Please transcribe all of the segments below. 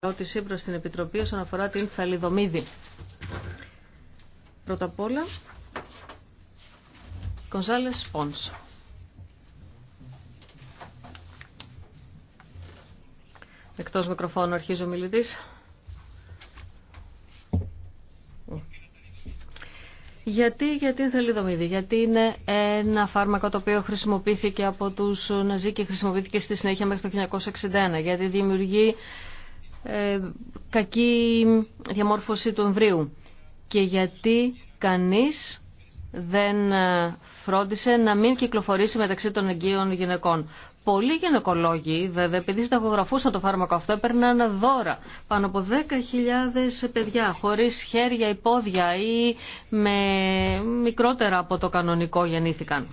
ερώτηση προ την Επιτροπή όσον αφορά την θαλιδομίδη. Πρώτα απ' όλα, Κονζάλες Πόνς. Εκτός μικροφώνου αρχίζω, μιλητής. Γιατί, γιατί είναι θελιδομίδη, γιατί είναι ένα φάρμακο το οποίο χρησιμοποιήθηκε από τους Ναζί και χρησιμοποιήθηκε στη συνέχεια μέχρι το 1961, γιατί δημιουργεί ε, κακή διαμόρφωση του εμβρίου και γιατί κανείς δεν ε, φρόντισε να μην κυκλοφορήσει μεταξύ των εγγύων γυναικών. Πολλοί γυναικολόγοι, βέβαια, επειδή συνταγογραφούσαν το φάρμακο αυτό, έπαιρναν δώρα. Πάνω από 10.000 παιδιά, χωρίς χέρια ή πόδια ή με μικρότερα από το κανονικό γεννήθηκαν.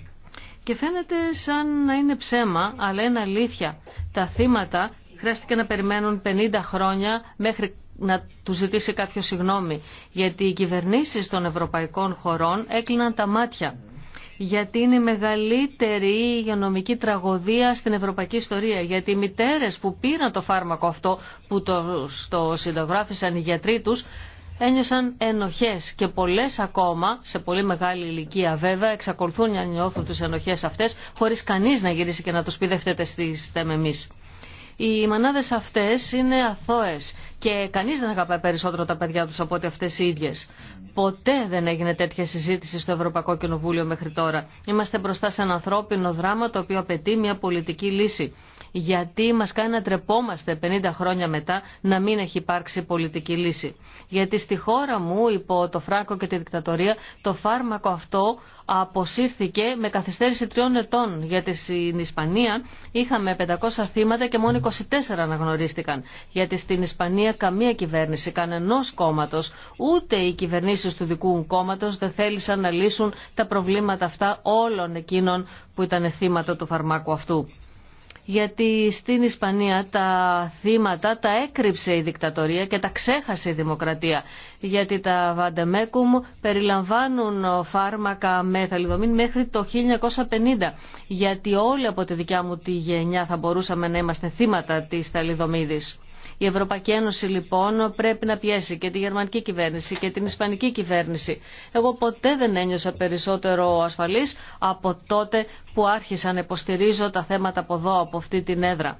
Και φαίνεται σαν να είναι ψέμα, αλλά είναι αλήθεια. Τα θύματα χρειάστηκε να περιμένουν 50 χρόνια μέχρι να του ζητήσει κάποιο συγγνώμη. Γιατί οι κυβερνήσεις των ευρωπαϊκών χωρών έκλειναν τα μάτια. Γιατί είναι η μεγαλύτερη υγειονομική τραγωδία στην ευρωπαϊκή ιστορία. Γιατί οι μητέρε που πήραν το φάρμακο αυτό, που το, το συντογράφησαν οι γιατροί του, ένιωσαν ενοχέ και πολλέ, ακόμα, σε πολύ μεγάλη ηλικία βέβαια, εξακολουθούν να νιώθουν τι ενοχές αυτέ, χωρί κανεί να γυρίσει και να του πει δεν φταίτε οι μανάδες αυτές είναι αθώες και κανείς δεν αγαπάει περισσότερο τα παιδιά τους από ότι αυτές οι ίδιες. Ποτέ δεν έγινε τέτοια συζήτηση στο Ευρωπαϊκό Κοινοβούλιο μέχρι τώρα. Είμαστε μπροστά σε ένα ανθρώπινο δράμα το οποίο απαιτεί μια πολιτική λύση γιατί μας κάνει να τρεπόμαστε 50 χρόνια μετά να μην έχει υπάρξει πολιτική λύση. Γιατί στη χώρα μου υπό το Φράκο και τη δικτατορία το φάρμακο αυτό αποσύρθηκε με καθυστέρηση τριών ετών γιατί στην Ισπανία είχαμε 500 θύματα και μόνο 24 αναγνωρίστηκαν. Γιατί στην Ισπανία καμία κυβέρνηση, κανένα κόμματο, ούτε οι κυβερνήσει του δικού κόμματο δεν θέλησαν να λύσουν τα προβλήματα αυτά όλων εκείνων που ήταν θύματα του φαρμάκου αυτού γιατί στην Ισπανία τα θύματα τα έκρυψε η δικτατορία και τα ξέχασε η δημοκρατία. Γιατί τα βαντεμέκουμ περιλαμβάνουν φάρμακα με θαλιδομήν μέχρι το 1950. Γιατί όλοι από τη δικιά μου τη γενιά θα μπορούσαμε να είμαστε θύματα της θαλιδομίδης. Η Ευρωπαϊκή Ένωση λοιπόν πρέπει να πιέσει και τη γερμανική κυβέρνηση και την ισπανική κυβέρνηση. Εγώ ποτέ δεν ένιωσα περισσότερο ασφαλής από τότε που άρχισα να υποστηρίζω τα θέματα από εδώ, από αυτή την έδρα.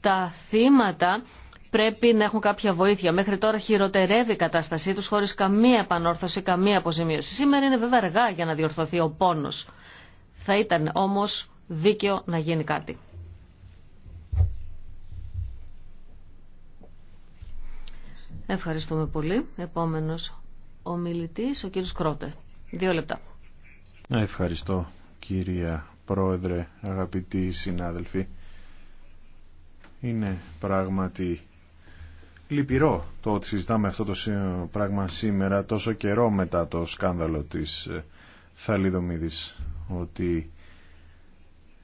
Τα θύματα πρέπει να έχουν κάποια βοήθεια. Μέχρι τώρα χειροτερεύει η κατάστασή τους χωρίς καμία επανόρθωση, καμία αποζημίωση. Σήμερα είναι βέβαια αργά για να διορθωθεί ο πόνος. Θα ήταν όμως δίκαιο να γίνει κάτι. Ευχαριστούμε πολύ. Επόμενος ο μιλητής, ο κύριος Κρότε. Δύο λεπτά. Ευχαριστώ κύρια Πρόεδρε, αγαπητοί συνάδελφοι. Είναι πράγματι λυπηρό το ότι συζητάμε αυτό το πράγμα σήμερα τόσο καιρό μετά το σκάνδαλο της ε, Θαλιδομίδης ότι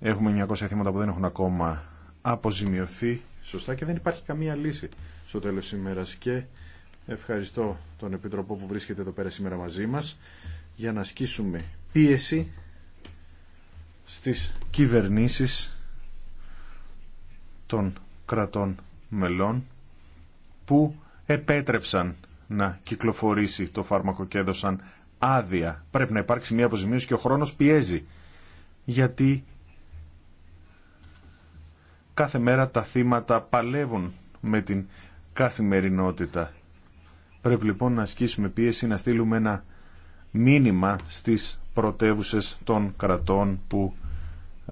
έχουμε 900 θύματα που δεν έχουν ακόμα αποζημιωθεί σωστά και δεν υπάρχει καμία λύση στο τέλος της ημέρας και ευχαριστώ τον Επιτροπό που βρίσκεται εδώ πέρα σήμερα μαζί μας για να ασκήσουμε πίεση στις κυβερνήσεις των κρατών μελών που επέτρεψαν να κυκλοφορήσει το φάρμακο και έδωσαν άδεια. Πρέπει να υπάρξει μια αποζημίωση και ο χρόνος πιέζει. Γιατί κάθε μέρα τα θύματα παλεύουν με την καθημερινότητα. Πρέπει λοιπόν να ασκήσουμε πίεση να στείλουμε ένα μήνυμα στις πρωτεύουσε των κρατών που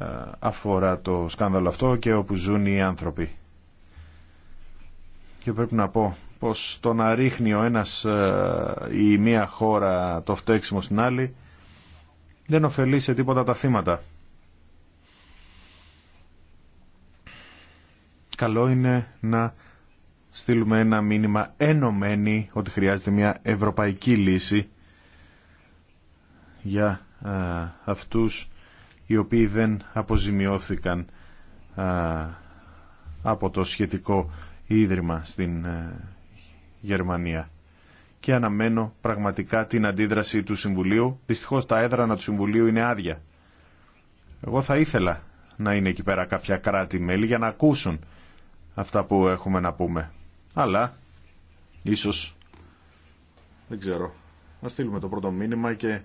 ε, αφορά το σκάνδαλο αυτό και όπου ζουν οι άνθρωποι. Και πρέπει να πω πως το να ρίχνει ο ένας ή ε, μία χώρα το φταίξιμο στην άλλη δεν ωφελεί σε τίποτα τα θύματα. Καλό είναι να στείλουμε ένα μήνυμα ενωμένοι ότι χρειάζεται μια ευρωπαϊκή λύση για αυτούς οι οποίοι δεν αποζημιώθηκαν από το σχετικό ίδρυμα στην ε, Γερμανία. Και αναμένω πραγματικά την αντίδραση του Συμβουλίου. Δυστυχώς τα έδρανα του Συμβουλίου είναι άδεια. Εγώ θα ήθελα να είναι εκεί πέρα κάποια κράτη-μέλη για να ακούσουν αυτά που έχουμε να πούμε αλλά ίσως δεν ξέρω να στείλουμε το πρώτο μήνυμα και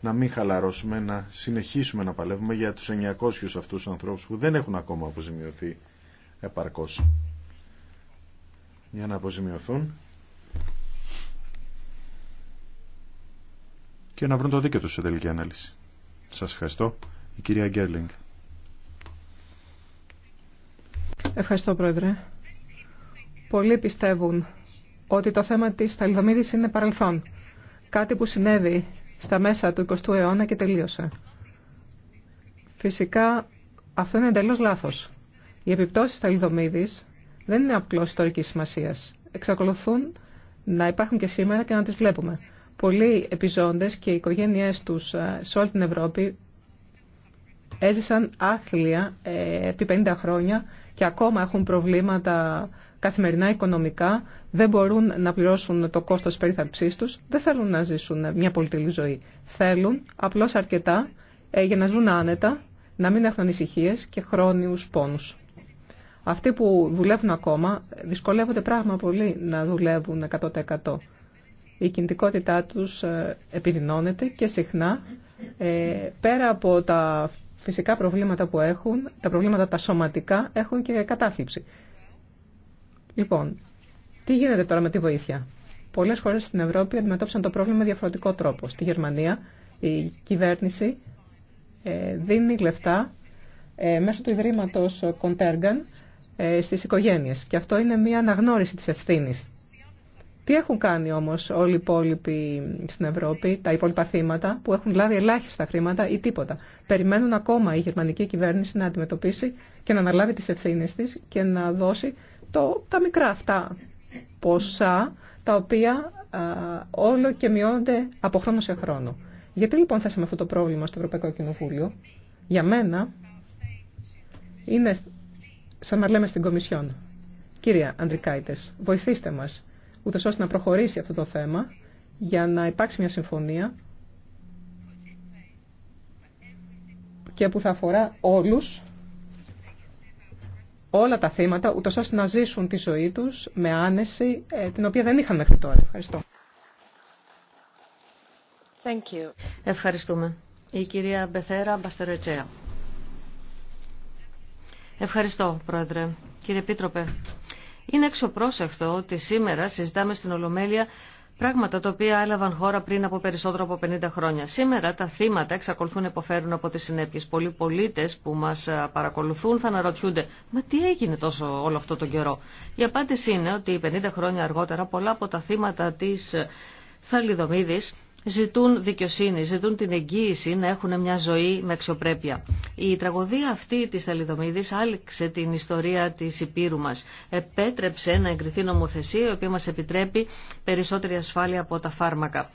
να μην χαλαρώσουμε, να συνεχίσουμε να παλεύουμε για τους 900 αυτούς τους ανθρώπους που δεν έχουν ακόμα αποζημιωθεί επαρκώς. Για να αποζημιωθούν και να βρουν το δίκαιο τους σε τελική ανάλυση. Σας ευχαριστώ. Η κυρία Γκέρλινγκ. Ευχαριστώ, Πρόεδρε. Πολλοί πιστεύουν ότι το θέμα της θαλιδομίδης είναι παρελθόν. Κάτι που συνέβη στα μέσα του 20ου αιώνα και τελείωσε. Φυσικά αυτό είναι εντελώς λάθος. Οι επιπτώσεις θαλιδομίδης δεν είναι απλώς ιστορικής σημασίας. Εξακολουθούν να υπάρχουν και σήμερα και να τις βλέπουμε. Πολλοί επιζώντες και οι οικογένειές τους ε, σε όλη την Ευρώπη έζησαν άθλια ε, επί 50 χρόνια και ακόμα έχουν προβλήματα καθημερινά οικονομικά, δεν μπορούν να πληρώσουν το κόστος περίθαλψής τους, δεν θέλουν να ζήσουν μια πολυτελή ζωή. Θέλουν απλώς αρκετά ε, για να ζουν άνετα, να μην έχουν ανησυχίε και χρόνιους πόνους. Αυτοί που δουλεύουν ακόμα ε, δυσκολεύονται πράγμα πολύ να δουλεύουν 100%. Η κινητικότητά τους ε, επιδεινώνεται και συχνά πέρα από τα φυσικά προβλήματα που έχουν, τα προβλήματα τα σωματικά έχουν και κατάθλιψη. Λοιπόν, τι γίνεται τώρα με τη βοήθεια. Πολλέ χώρε στην Ευρώπη αντιμετώπισαν το πρόβλημα με διαφορετικό τρόπο. Στη Γερμανία η κυβέρνηση ε, δίνει λεφτά ε, μέσω του Ιδρύματο Κοντέργαν ε, στι οικογένειε. Και αυτό είναι μια αναγνώριση τη ευθύνη. Τι έχουν κάνει όμω όλοι οι υπόλοιποι στην Ευρώπη, τα υπόλοιπα θύματα που έχουν λάβει ελάχιστα χρήματα ή τίποτα. Περιμένουν ακόμα η γερμανική κυβέρνηση να αντιμετωπίσει και να αναλάβει τι ευθύνε τη και να δώσει το, τα μικρά αυτά ποσά τα οποία όλο και μειώνονται από χρόνο σε χρόνο. Γιατί λοιπόν θέσαμε αυτό το πρόβλημα στο Ευρωπαϊκό Κοινοβούλιο. Για μένα είναι σαν να λέμε στην Κομισιόν. Κύριε Αντρικάητε, βοηθήστε μας, ούτε ώστε να προχωρήσει αυτό το θέμα για να υπάρξει μια συμφωνία και που θα αφορά όλους όλα τα θύματα, ούτως ώστε να ζήσουν τη ζωή τους με άνεση, ε, την οποία δεν είχαν μέχρι τώρα. Ευχαριστώ. Ευχαριστούμε. Η κυρία Μπεθέρα Μπαστερετσέα. Ευχαριστώ, Πρόεδρε. Κύριε πίτροπε, είναι εξωπρόσεχτο ότι σήμερα συζητάμε στην Ολομέλεια Πράγματα τα οποία έλαβαν χώρα πριν από περισσότερο από 50 χρόνια. Σήμερα τα θύματα εξακολουθούν να υποφέρουν από τις συνέπειες. Πολλοί πολίτες που μας ε, παρακολουθούν θα αναρωτιούνται «Μα τι έγινε τόσο όλο αυτό τον καιρό». Η απάντηση είναι ότι 50 χρόνια αργότερα πολλά από τα θύματα της ε, Θαλιδομίδης ζητούν δικαιοσύνη, ζητούν την εγγύηση να έχουν μια ζωή με αξιοπρέπεια. Η τραγωδία αυτή της Θαλιδομίδης άλυξε την ιστορία της Υπήρου μας. Επέτρεψε να εγκριθεί νομοθεσία η οποία μας επιτρέπει περισσότερη ασφάλεια από τα φάρμακα.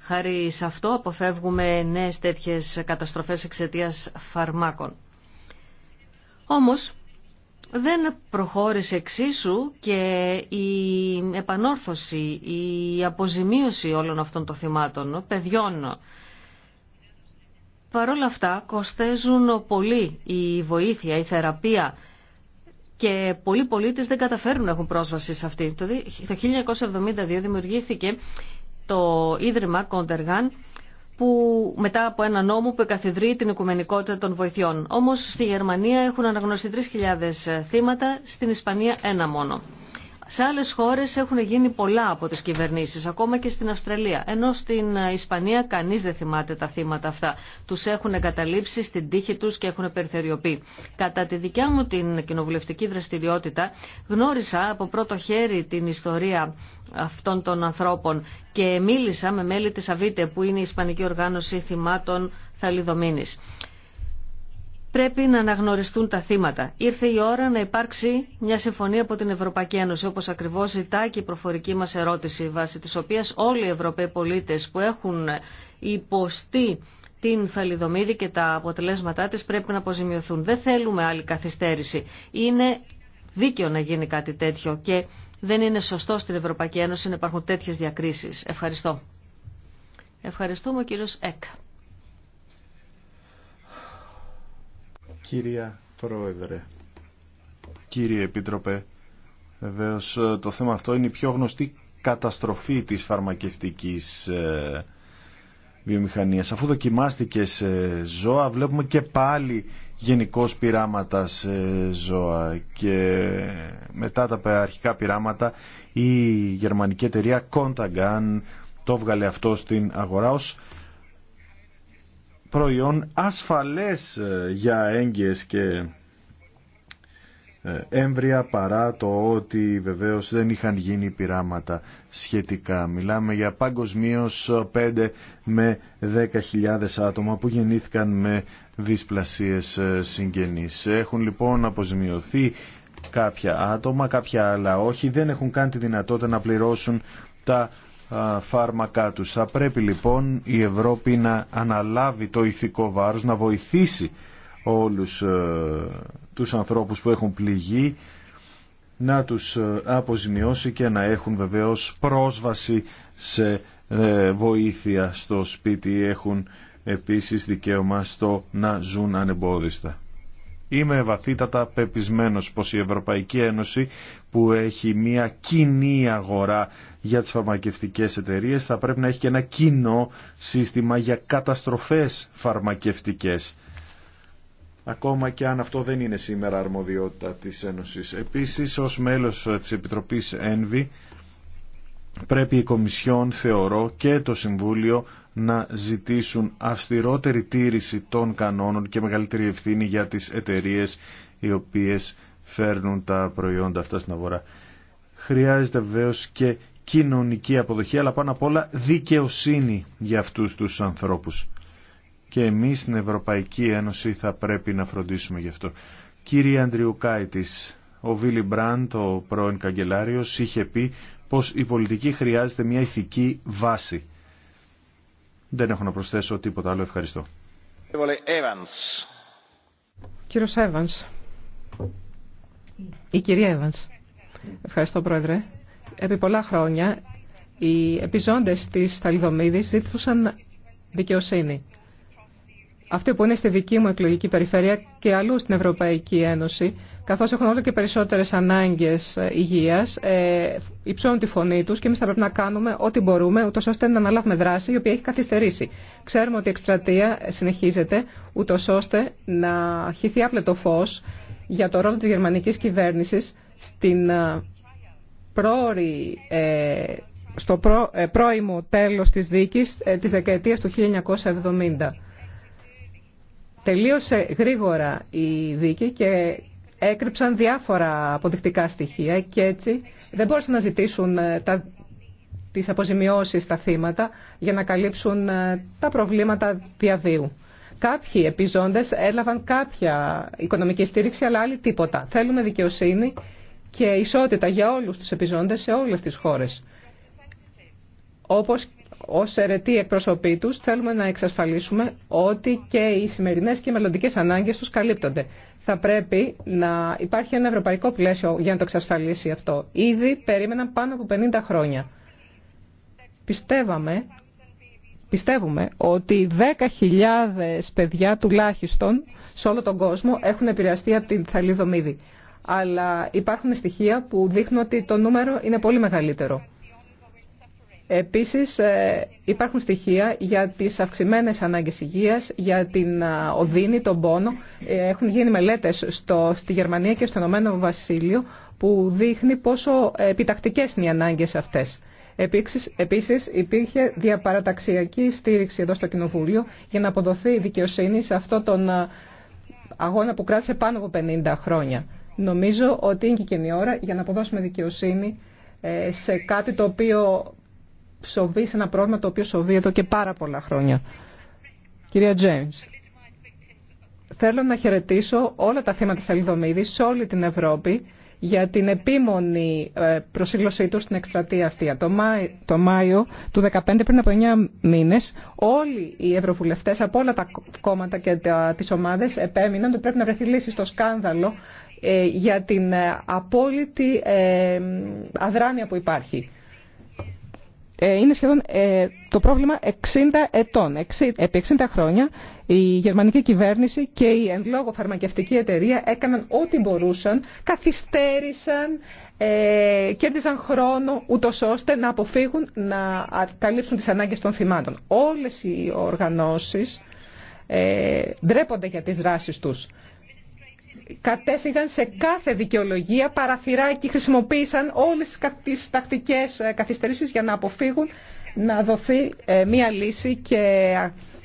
Χάρη σε αυτό αποφεύγουμε νέες τέτοιες καταστροφές εξαιτία φαρμάκων. Όμως, δεν προχώρησε εξίσου και η επανόρθωση, η αποζημίωση όλων αυτών των θυμάτων, παιδιών. Παρ' όλα αυτά κοστέζουν πολύ η βοήθεια, η θεραπεία και πολλοί πολίτες δεν καταφέρνουν να έχουν πρόσβαση σε αυτή. Το 1972 δημιουργήθηκε το Ίδρυμα Κοντεργάν που μετά από ένα νόμο που εκαθιδρεί την οικουμενικότητα των βοηθειών. Όμως στη Γερμανία έχουν αναγνωριστεί 3.000 θύματα, στην Ισπανία ένα μόνο. Σε άλλε χώρες έχουν γίνει πολλά από τις κυβερνήσει, ακόμα και στην Αυστραλία. Ενώ στην ε, Ισπανία κανεί δεν θυμάται τα θύματα αυτά. Τους έχουν εγκαταλείψει στην τύχη τους και έχουν περιθεριοποιεί. Κατά τη δικιά μου την κοινοβουλευτική δραστηριότητα γνώρισα από πρώτο χέρι την ιστορία αυτών των ανθρώπων και μίλησα με μέλη τη ΑΒΙΤΕ που είναι η Ισπανική Οργάνωση Θυμάτων Θαλιδομήνη πρέπει να αναγνωριστούν τα θύματα. Ήρθε η ώρα να υπάρξει μια συμφωνία από την Ευρωπαϊκή Ένωση, όπως ακριβώς ζητά και η προφορική μας ερώτηση, βάσει της οποίας όλοι οι Ευρωπαίοι πολίτες που έχουν υποστεί την θαλιδομίδη και τα αποτελέσματά της πρέπει να αποζημιωθούν. Δεν θέλουμε άλλη καθυστέρηση. Είναι δίκαιο να γίνει κάτι τέτοιο και δεν είναι σωστό στην Ευρωπαϊκή Ένωση να υπάρχουν τέτοιες διακρίσεις. Ευχαριστώ. Ευχαριστούμε ο Εκ. κυρία Πρόεδρε. Κύριε Επίτροπε, βεβαίω ε, το θέμα αυτό είναι η πιο γνωστή καταστροφή της φαρμακευτικής ε, βιομηχανίας. Αφού δοκιμάστηκε σε ζώα, βλέπουμε και πάλι γενικώ πειράματα σε ζώα. Και μετά τα αρχικά πειράματα, η γερμανική εταιρεία Contagan το βγάλε αυτό στην αγορά ως προϊόν ασφαλές ε, για έγκυες και ε, έμβρια παρά το ότι βεβαίως δεν είχαν γίνει πειράματα σχετικά. Μιλάμε για παγκοσμίω 5 με 10.000 άτομα που γεννήθηκαν με δυσπλασίες ε, συγγενείς. Έχουν λοιπόν αποζημιωθεί κάποια άτομα, κάποια άλλα όχι, δεν έχουν καν τη δυνατότητα να πληρώσουν τα φάρμακά τους. Θα πρέπει λοιπόν η Ευρώπη να αναλάβει το ηθικό βάρος, να βοηθήσει όλους ε, τους ανθρώπους που έχουν πληγεί, να τους ε, αποζημιώσει και να έχουν βεβαίως πρόσβαση σε ε, βοήθεια στο σπίτι. Έχουν επίσης δικαίωμα στο να ζουν ανεμπόδιστα. Είμαι βαθύτατα πεπισμένος πως η Ευρωπαϊκή Ένωση που έχει μια κοινή αγορά για τις φαρμακευτικές εταιρείες θα πρέπει να έχει και ένα κοινό σύστημα για καταστροφές φαρμακευτικές. Ακόμα και αν αυτό δεν είναι σήμερα αρμοδιότητα της Ένωσης. Επίσης, ως μέλος της Επιτροπής ΕΝΒΗ πρέπει η Κομισιόν, θεωρώ, και το Συμβούλιο να ζητήσουν αυστηρότερη τήρηση των κανόνων και μεγαλύτερη ευθύνη για τις εταιρείες οι οποίες φέρνουν τα προϊόντα αυτά στην αγορά. Χρειάζεται βεβαίω και κοινωνική αποδοχή, αλλά πάνω απ' όλα δικαιοσύνη για αυτούς τους ανθρώπους. Και εμείς στην Ευρωπαϊκή Ένωση θα πρέπει να φροντίσουμε γι' αυτό. Κύριε Αντριουκάητης, ο Βίλι Μπραντ, ο πρώην καγκελάριος, είχε πει πως η πολιτική χρειάζεται μια ηθική βάση. Δεν έχω να προσθέσω τίποτα άλλο. Ευχαριστώ. Evans. Κύριος Η κυρία Evans. Ευχαριστώ, Πρόεδρε. Επί πολλά χρόνια οι επιζώντες της Θαλιδομίδης ζήτησαν δικαιοσύνη. Αυτοί που είναι στη δική μου εκλογική περιφέρεια και αλλού στην Ευρωπαϊκή Ένωση καθώς έχουν όλο και περισσότερες ανάγκες ε, υγείας, ε, υψώνουν τη φωνή τους και εμείς θα πρέπει να κάνουμε ό,τι μπορούμε, ούτως ώστε να αναλάβουμε δράση η οποία έχει καθυστερήσει. Ξέρουμε ότι η εκστρατεία συνεχίζεται, ούτως ώστε να χυθεί άπλετο φως για το ρόλο της γερμανικής κυβέρνησης στην ε, πρόορη, ε, στο πρό, ε, πρώιμο τέλος της δίκης ε, της δεκαετίας του 1970. Τελείωσε γρήγορα η δίκη και έκρυψαν διάφορα αποδεικτικά στοιχεία και έτσι δεν μπορούσαν να ζητήσουν ε, τα, τις αποζημιώσεις στα θύματα για να καλύψουν ε, τα προβλήματα διαβίου. Κάποιοι επιζώντες έλαβαν κάποια οικονομική στήριξη, αλλά άλλοι τίποτα. Θέλουμε δικαιοσύνη και ισότητα για όλους τους επιζώντες σε όλες τις χώρες. Όπως ως αιρετή εκπροσωπή τους θέλουμε να εξασφαλίσουμε ότι και οι σημερινές και οι μελλοντικές ανάγκες τους καλύπτονται. Θα πρέπει να υπάρχει ένα ευρωπαϊκό πλαίσιο για να το εξασφαλίσει αυτό. Ήδη περίμεναν πάνω από 50 χρόνια. Πιστεύαμε, πιστεύουμε ότι 10.000 παιδιά τουλάχιστον σε όλο τον κόσμο έχουν επηρεαστεί από την θαλίδομίδη. Αλλά υπάρχουν στοιχεία που δείχνουν ότι το νούμερο είναι πολύ μεγαλύτερο. Επίσης ε, υπάρχουν στοιχεία για τις αυξημένες ανάγκες υγείας, για την οδύνη, τον πόνο. Ε, έχουν γίνει μελέτες στο, στη Γερμανία και στο Ηνωμένο Βασίλειο που δείχνει πόσο επιτακτικές είναι οι ανάγκες αυτές. Επίσης, επίσης υπήρχε διαπαραταξιακή στήριξη εδώ στο Κοινοβούλιο για να αποδοθεί δικαιοσύνη σε αυτό τον αγώνα που κράτησε πάνω από 50 χρόνια. Νομίζω ότι είναι και η ώρα για να αποδώσουμε δικαιοσύνη ε, σε κάτι το οποίο ψοβεί σε ένα πρόβλημα το οποίο σοβεί εδώ και πάρα πολλά χρόνια. Κυρία Τζέιμς, θέλω να χαιρετήσω όλα τα θύματα της Αλιδομίδης σε όλη την Ευρώπη για την επίμονη ε, προσήλωσή του στην εκστρατεία αυτή. Το, Μάιο του 2015, πριν από 9 μήνες, όλοι οι ευρωβουλευτές από όλα τα κόμματα και τα, τις ομάδες επέμειναν ότι πρέπει να βρεθεί λύση στο σκάνδαλο ε, για την ε, απόλυτη αδράνεια που υπάρχει. Ε, είναι σχεδόν ε, το πρόβλημα 60 ετών. Επί 60 χρόνια η γερμανική κυβέρνηση και η εν λόγω φαρμακευτική εταιρεία έκαναν ό,τι μπορούσαν, καθυστέρησαν, ε, κέρδισαν χρόνο ούτως ώστε να αποφύγουν να καλύψουν τις ανάγκες των θυμάτων. Όλες οι οργανώσεις ε, ντρέπονται για τις δράσεις τους κατέφυγαν σε κάθε δικαιολογία, παραθυράκι, χρησιμοποίησαν όλες τις τακτικές ε, καθυστερήσεις για να αποφύγουν να δοθεί ε, μία λύση και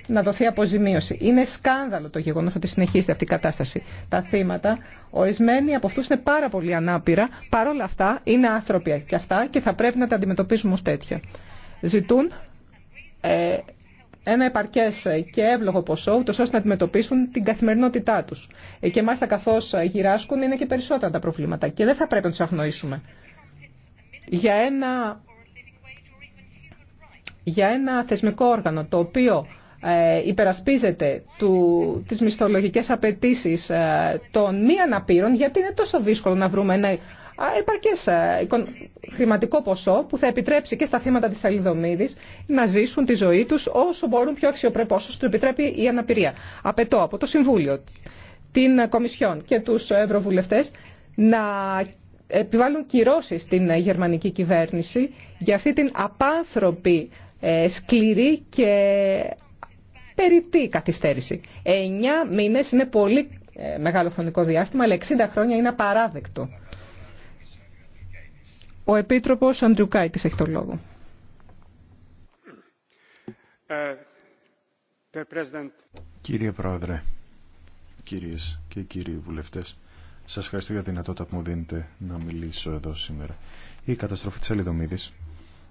να δοθεί αποζημίωση. Είναι σκάνδαλο το γεγονός ότι συνεχίζεται αυτή η κατάσταση. Τα θύματα, ορισμένοι από αυτούς είναι πάρα πολύ ανάπηρα, παρόλα αυτά είναι άνθρωποι και αυτά και θα πρέπει να τα αντιμετωπίζουμε ως τέτοια. Ζητούν ε, ένα επαρκές και εύλογο ποσό, ούτω ώστε να αντιμετωπίσουν την καθημερινότητά του. Ε, και μάλιστα καθώ γυράσκουν είναι και περισσότερα τα προβλήματα και δεν θα πρέπει να του αγνοήσουμε. Για ένα, για ένα θεσμικό όργανο το οποίο ε, υπερασπίζεται του, τις μισθολογικές απαιτήσεις ε, των μη αναπήρων, γιατί είναι τόσο δύσκολο να βρούμε ένα Υπάρχει και χρηματικό ποσό που θα επιτρέψει και στα θύματα της Θαλιδομίδης να ζήσουν τη ζωή τους όσο μπορούν πιο αξιοπρεπώς, όσο του επιτρέπει η αναπηρία. Απαιτώ από το Συμβούλιο, την Κομισιόν και τους Ευρωβουλευτές να επιβάλλουν κυρώσεις στην γερμανική κυβέρνηση για αυτή την απάνθρωπη, ε, σκληρή και περιπτή καθυστέρηση. Εννιά μήνες είναι πολύ ε, μεγάλο χρονικό διάστημα, αλλά 60 χρόνια είναι απαράδεκτο. Ο Επίτροπος Αντριουκάητης έχει το λόγο. Ε, Κύριε Πρόεδρε, κυρίες και κύριοι βουλευτές, σας ευχαριστώ για τη δυνατότητα που μου δίνετε να μιλήσω εδώ σήμερα. Η καταστροφή της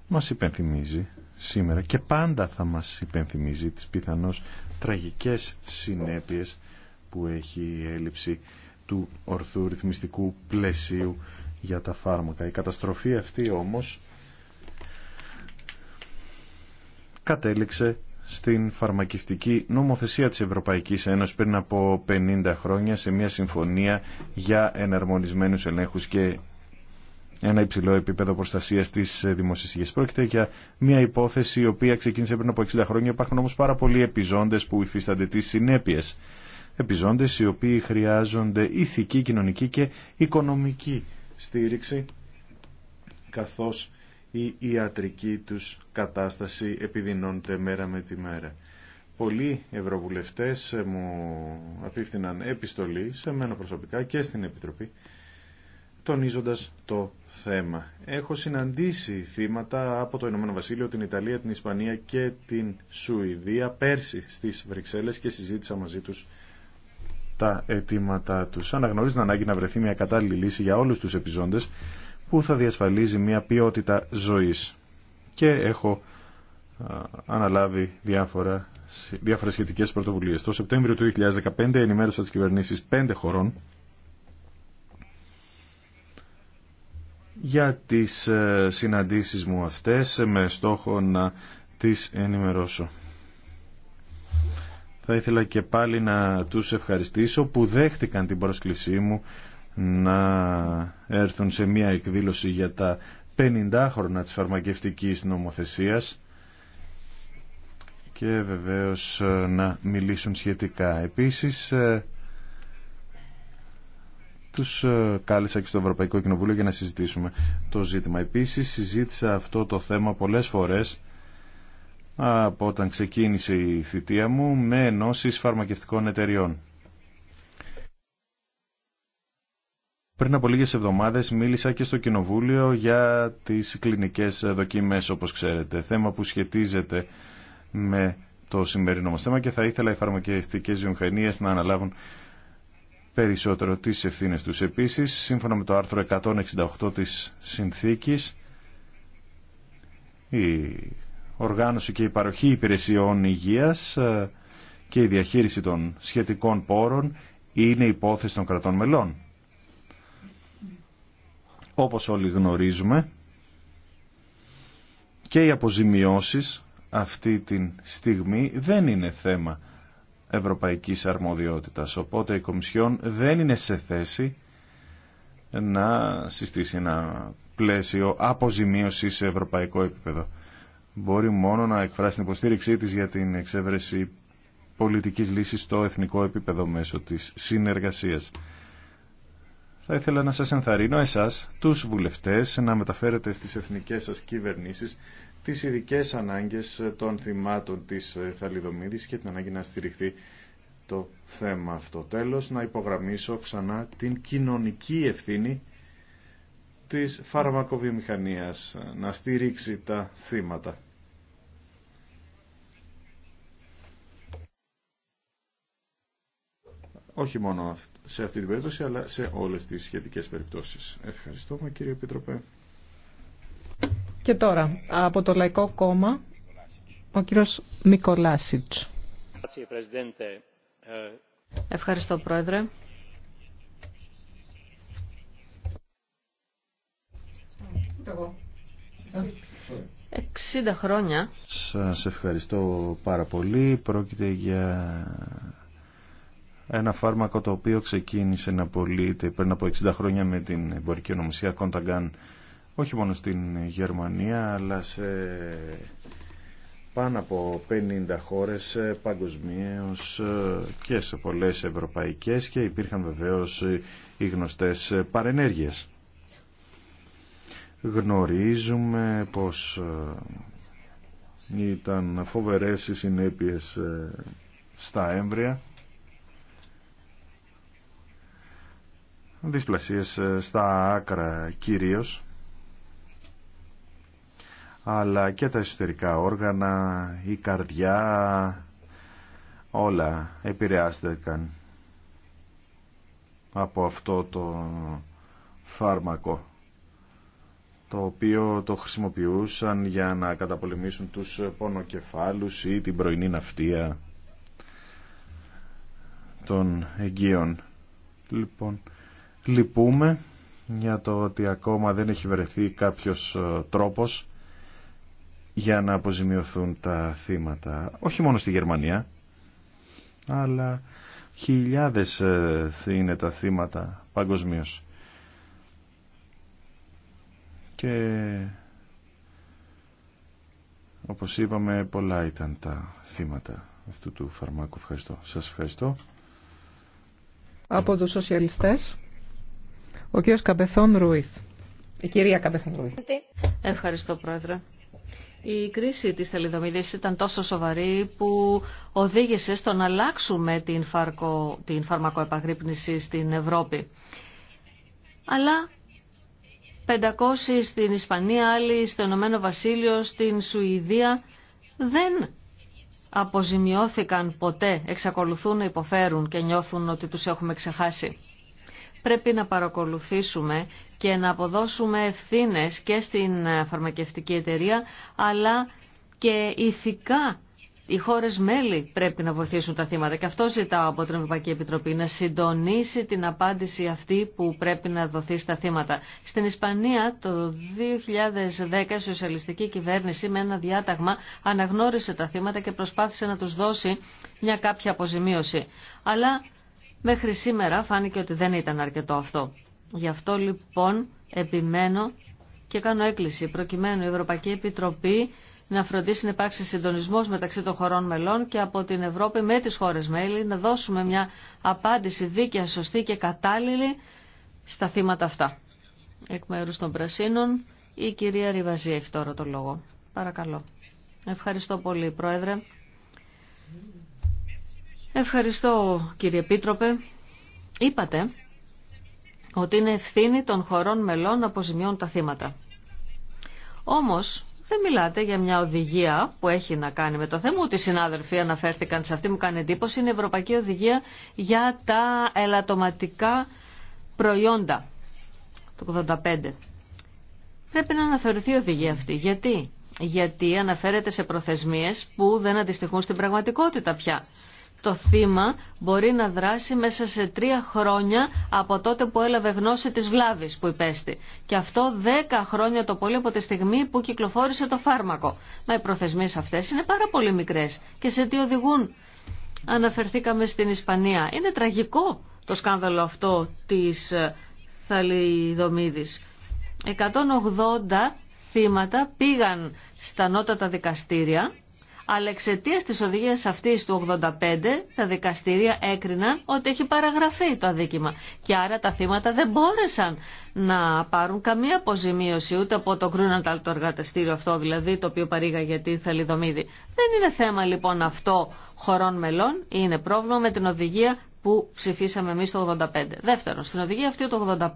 μας υπενθυμίζει σήμερα και πάντα θα μας υπενθυμίζει τις πιθανώς τραγικές συνέπειες που έχει η έλλειψη του ορθού ρυθμιστικού πλαισίου για τα φάρμακα. Η καταστροφή αυτή όμως κατέληξε στην φαρμακευτική νομοθεσία της Ευρωπαϊκής Ένωσης πριν από 50 χρόνια σε μια συμφωνία για εναρμονισμένους ελέγχους και ένα υψηλό επίπεδο προστασία τη δημοσίευση. Πρόκειται για μια υπόθεση η οποία ξεκίνησε πριν από 60 χρόνια. Υπάρχουν όμω πάρα πολλοί επιζώντες που υφίστανται τι συνέπειε. Επιζώντες οι οποίοι χρειάζονται ηθική, κοινωνική και οικονομική στήριξη καθώς η ιατρική τους κατάσταση επιδεινώνεται μέρα με τη μέρα. Πολλοί ευρωβουλευτές μου απίφθηναν επιστολή σε μένα προσωπικά και στην Επιτροπή τονίζοντας το θέμα. Έχω συναντήσει θύματα από το Ηνωμένο Βασίλειο, την Ιταλία, την Ισπανία και την Σουηδία πέρσι στις Βρυξέλλες και συζήτησα μαζί τους τα αιτήματά τους. Αναγνωρίζει την ανάγκη να βρεθεί μια κατάλληλη λύση για όλους τους επιζώντες που θα διασφαλίζει μια ποιότητα ζωής. Και έχω αναλάβει διάφορα, διάφορες σχετικές πρωτοβουλίες. Το Σεπτέμβριο του 2015 ενημέρωσα τις κυβερνήσεις πέντε χωρών για τις ε, συναντήσεις μου αυτές με στόχο να τις ενημερώσω. Θα ήθελα και πάλι να τους ευχαριστήσω που δέχτηκαν την πρόσκλησή μου να έρθουν σε μια εκδήλωση για τα 50 χρόνια της φαρμακευτικής νομοθεσίας και βεβαίως ε, να μιλήσουν σχετικά. Επίσης, ε, τους ε, κάλεσα και στο Ευρωπαϊκό Κοινοβούλιο για να συζητήσουμε το ζήτημα. Επίσης, συζήτησα αυτό το θέμα πολλές φορές από όταν ξεκίνησε η θητεία μου με ενώσεις φαρμακευτικών εταιριών. Πριν από λίγες εβδομάδες μίλησα και στο Κοινοβούλιο για τις κλινικές δοκίμες όπως ξέρετε, θέμα που σχετίζεται με το σημερινό μας θέμα και θα ήθελα οι φαρμακευτικές βιομηχανίες να αναλάβουν περισσότερο τις ευθύνες τους. Επίσης, σύμφωνα με το άρθρο 168 της Συνθήκης, οι οργάνωση και η παροχή υπηρεσιών υγείας ε, και η διαχείριση των σχετικών πόρων είναι υπόθεση των κρατών μελών. Όπως όλοι γνωρίζουμε και οι αποζημιώσεις αυτή τη στιγμή δεν είναι θέμα ευρωπαϊκής αρμοδιότητας. Οπότε η Κομισιόν δεν είναι σε θέση να συστήσει ένα πλαίσιο αποζημίωση σε ευρωπαϊκό επίπεδο μπορεί μόνο να εκφράσει την υποστήριξή της για την εξέβρεση πολιτικής λύσης στο εθνικό επίπεδο μέσω της συνεργασίας. Θα ήθελα να σας ενθαρρύνω εσάς, τους βουλευτές, να μεταφέρετε στις εθνικές σας κυβερνήσεις τις ειδικέ ανάγκες των θυμάτων της Θαλιδομίδης και την ανάγκη να στηριχθεί το θέμα αυτό. Τέλος, να υπογραμμίσω ξανά την κοινωνική ευθύνη της φαρμακοβιομηχανίας να στηρίξει τα θύματα. όχι μόνο σε αυτή την περίπτωση, αλλά σε όλες τις σχετικές περιπτώσεις. Ευχαριστώ, κύριε Επιτροπέ. Και τώρα, από το Λαϊκό Κόμμα, ο κύριος Μικολάσιτς. Ευχαριστώ, Πρόεδρε. 60 χρόνια. Σας ευχαριστώ πάρα πολύ. Πρόκειται για ένα φάρμακο το οποίο ξεκίνησε να πωλείται πριν από 60 χρόνια με την εμπορική ονομασία Κονταγκάν όχι μόνο στην Γερμανία αλλά σε πάνω από 50 χώρες ε, παγκοσμίω ε, και σε πολλές ευρωπαϊκές και υπήρχαν βεβαίως ε, οι γνωστές παρενέργειες. Γνωρίζουμε πως ήταν φοβερές οι συνέπειες στα έμβρια δυσπλασίες ε, στα άκρα κυρίως αλλά και τα εσωτερικά όργανα, η καρδιά, όλα επηρεάστηκαν από αυτό το φάρμακο το οποίο το χρησιμοποιούσαν για να καταπολεμήσουν τους πονοκεφάλους ή την πρωινή ναυτία των εγγύων. Λοιπόν, Λυπούμε για το ότι ακόμα δεν έχει βρεθεί κάποιος ε, τρόπος για να αποζημιωθούν τα θύματα. Όχι μόνο στη Γερμανία, αλλά χιλιάδες ε, είναι τα θύματα παγκοσμίως. Και όπως είπαμε πολλά ήταν τα θύματα αυτού του φαρμάκου. Ευχαριστώ. Σας ευχαριστώ. Από τους σοσιαλιστές. Ο κύριος Καμπεθόν Ρουίθ. Η κυρία Καμπεθόν Ρουίθ. Ευχαριστώ πρόεδρε. Η κρίση της θελιδομίδης ήταν τόσο σοβαρή που οδήγησε στο να αλλάξουμε την, φαρκο, την φαρμακοεπαγρύπνηση στην Ευρώπη. Αλλά 500 στην Ισπανία, άλλοι στο Ηνωμένο Βασίλειο, στην Σουηδία δεν αποζημιώθηκαν ποτέ, εξακολουθούν να υποφέρουν και νιώθουν ότι τους έχουμε ξεχάσει πρέπει να παρακολουθήσουμε και να αποδώσουμε ευθύνες και στην φαρμακευτική εταιρεία, αλλά και ηθικά οι χώρε μέλη πρέπει να βοηθήσουν τα θύματα. Και αυτό ζητάω από την Ευρωπαϊκή Επιτροπή, να συντονίσει την απάντηση αυτή που πρέπει να δοθεί στα θύματα. Στην Ισπανία το 2010 η σοσιαλιστική κυβέρνηση με ένα διάταγμα αναγνώρισε τα θύματα και προσπάθησε να τους δώσει μια κάποια αποζημίωση. Αλλά Μέχρι σήμερα φάνηκε ότι δεν ήταν αρκετό αυτό. Γι' αυτό λοιπόν επιμένω και κάνω έκκληση προκειμένου η Ευρωπαϊκή Επιτροπή να φροντίσει να υπάρξει συντονισμό μεταξύ των χωρών μελών και από την Ευρώπη με τι χώρε μέλη να δώσουμε μια απάντηση δίκαια, σωστή και κατάλληλη στα θύματα αυτά. Εκ μέρου των Πρασίνων, η κυρία Ριβαζή έχει τώρα το λόγο. Παρακαλώ. Ευχαριστώ πολύ, Πρόεδρε. Ευχαριστώ κύριε Επίτροπε. Είπατε ότι είναι ευθύνη των χωρών μελών να αποζημιώνουν τα θύματα. Όμως δεν μιλάτε για μια οδηγία που έχει να κάνει με το θέμα. Ούτε οι συνάδελφοι αναφέρθηκαν σε αυτή μου κάνει εντύπωση. Είναι η Ευρωπαϊκή Οδηγία για τα ελαττωματικά προϊόντα το 1985. Πρέπει να αναφερθεί η οδηγία αυτή. Γιατί? Γιατί αναφέρεται σε προθεσμίες που δεν αντιστοιχούν στην πραγματικότητα πια το θύμα μπορεί να δράσει μέσα σε τρία χρόνια από τότε που έλαβε γνώση της βλάβης που υπέστη. Και αυτό δέκα χρόνια το πολύ από τη στιγμή που κυκλοφόρησε το φάρμακο. Μα οι προθεσμίες αυτές είναι πάρα πολύ μικρές. Και σε τι οδηγούν. Αναφερθήκαμε στην Ισπανία. Είναι τραγικό το σκάνδαλο αυτό της ε, θαλιδομίδης. 180 θύματα πήγαν στα νότατα δικαστήρια αλλά εξαιτία τη οδηγία αυτή του 85, τα δικαστήρια έκριναν ότι έχει παραγραφεί το αδίκημα. Και άρα τα θύματα δεν μπόρεσαν να πάρουν καμία αποζημίωση ούτε από το Κρούνανταλ, εργατεστήριο αυτό δηλαδή, το οποίο παρήγαγε την θελιδομίδη. Δεν είναι θέμα λοιπόν αυτό χωρών μελών, είναι πρόβλημα με την οδηγία που ψηφίσαμε εμεί το 85. Δεύτερον, στην οδηγία αυτή του 85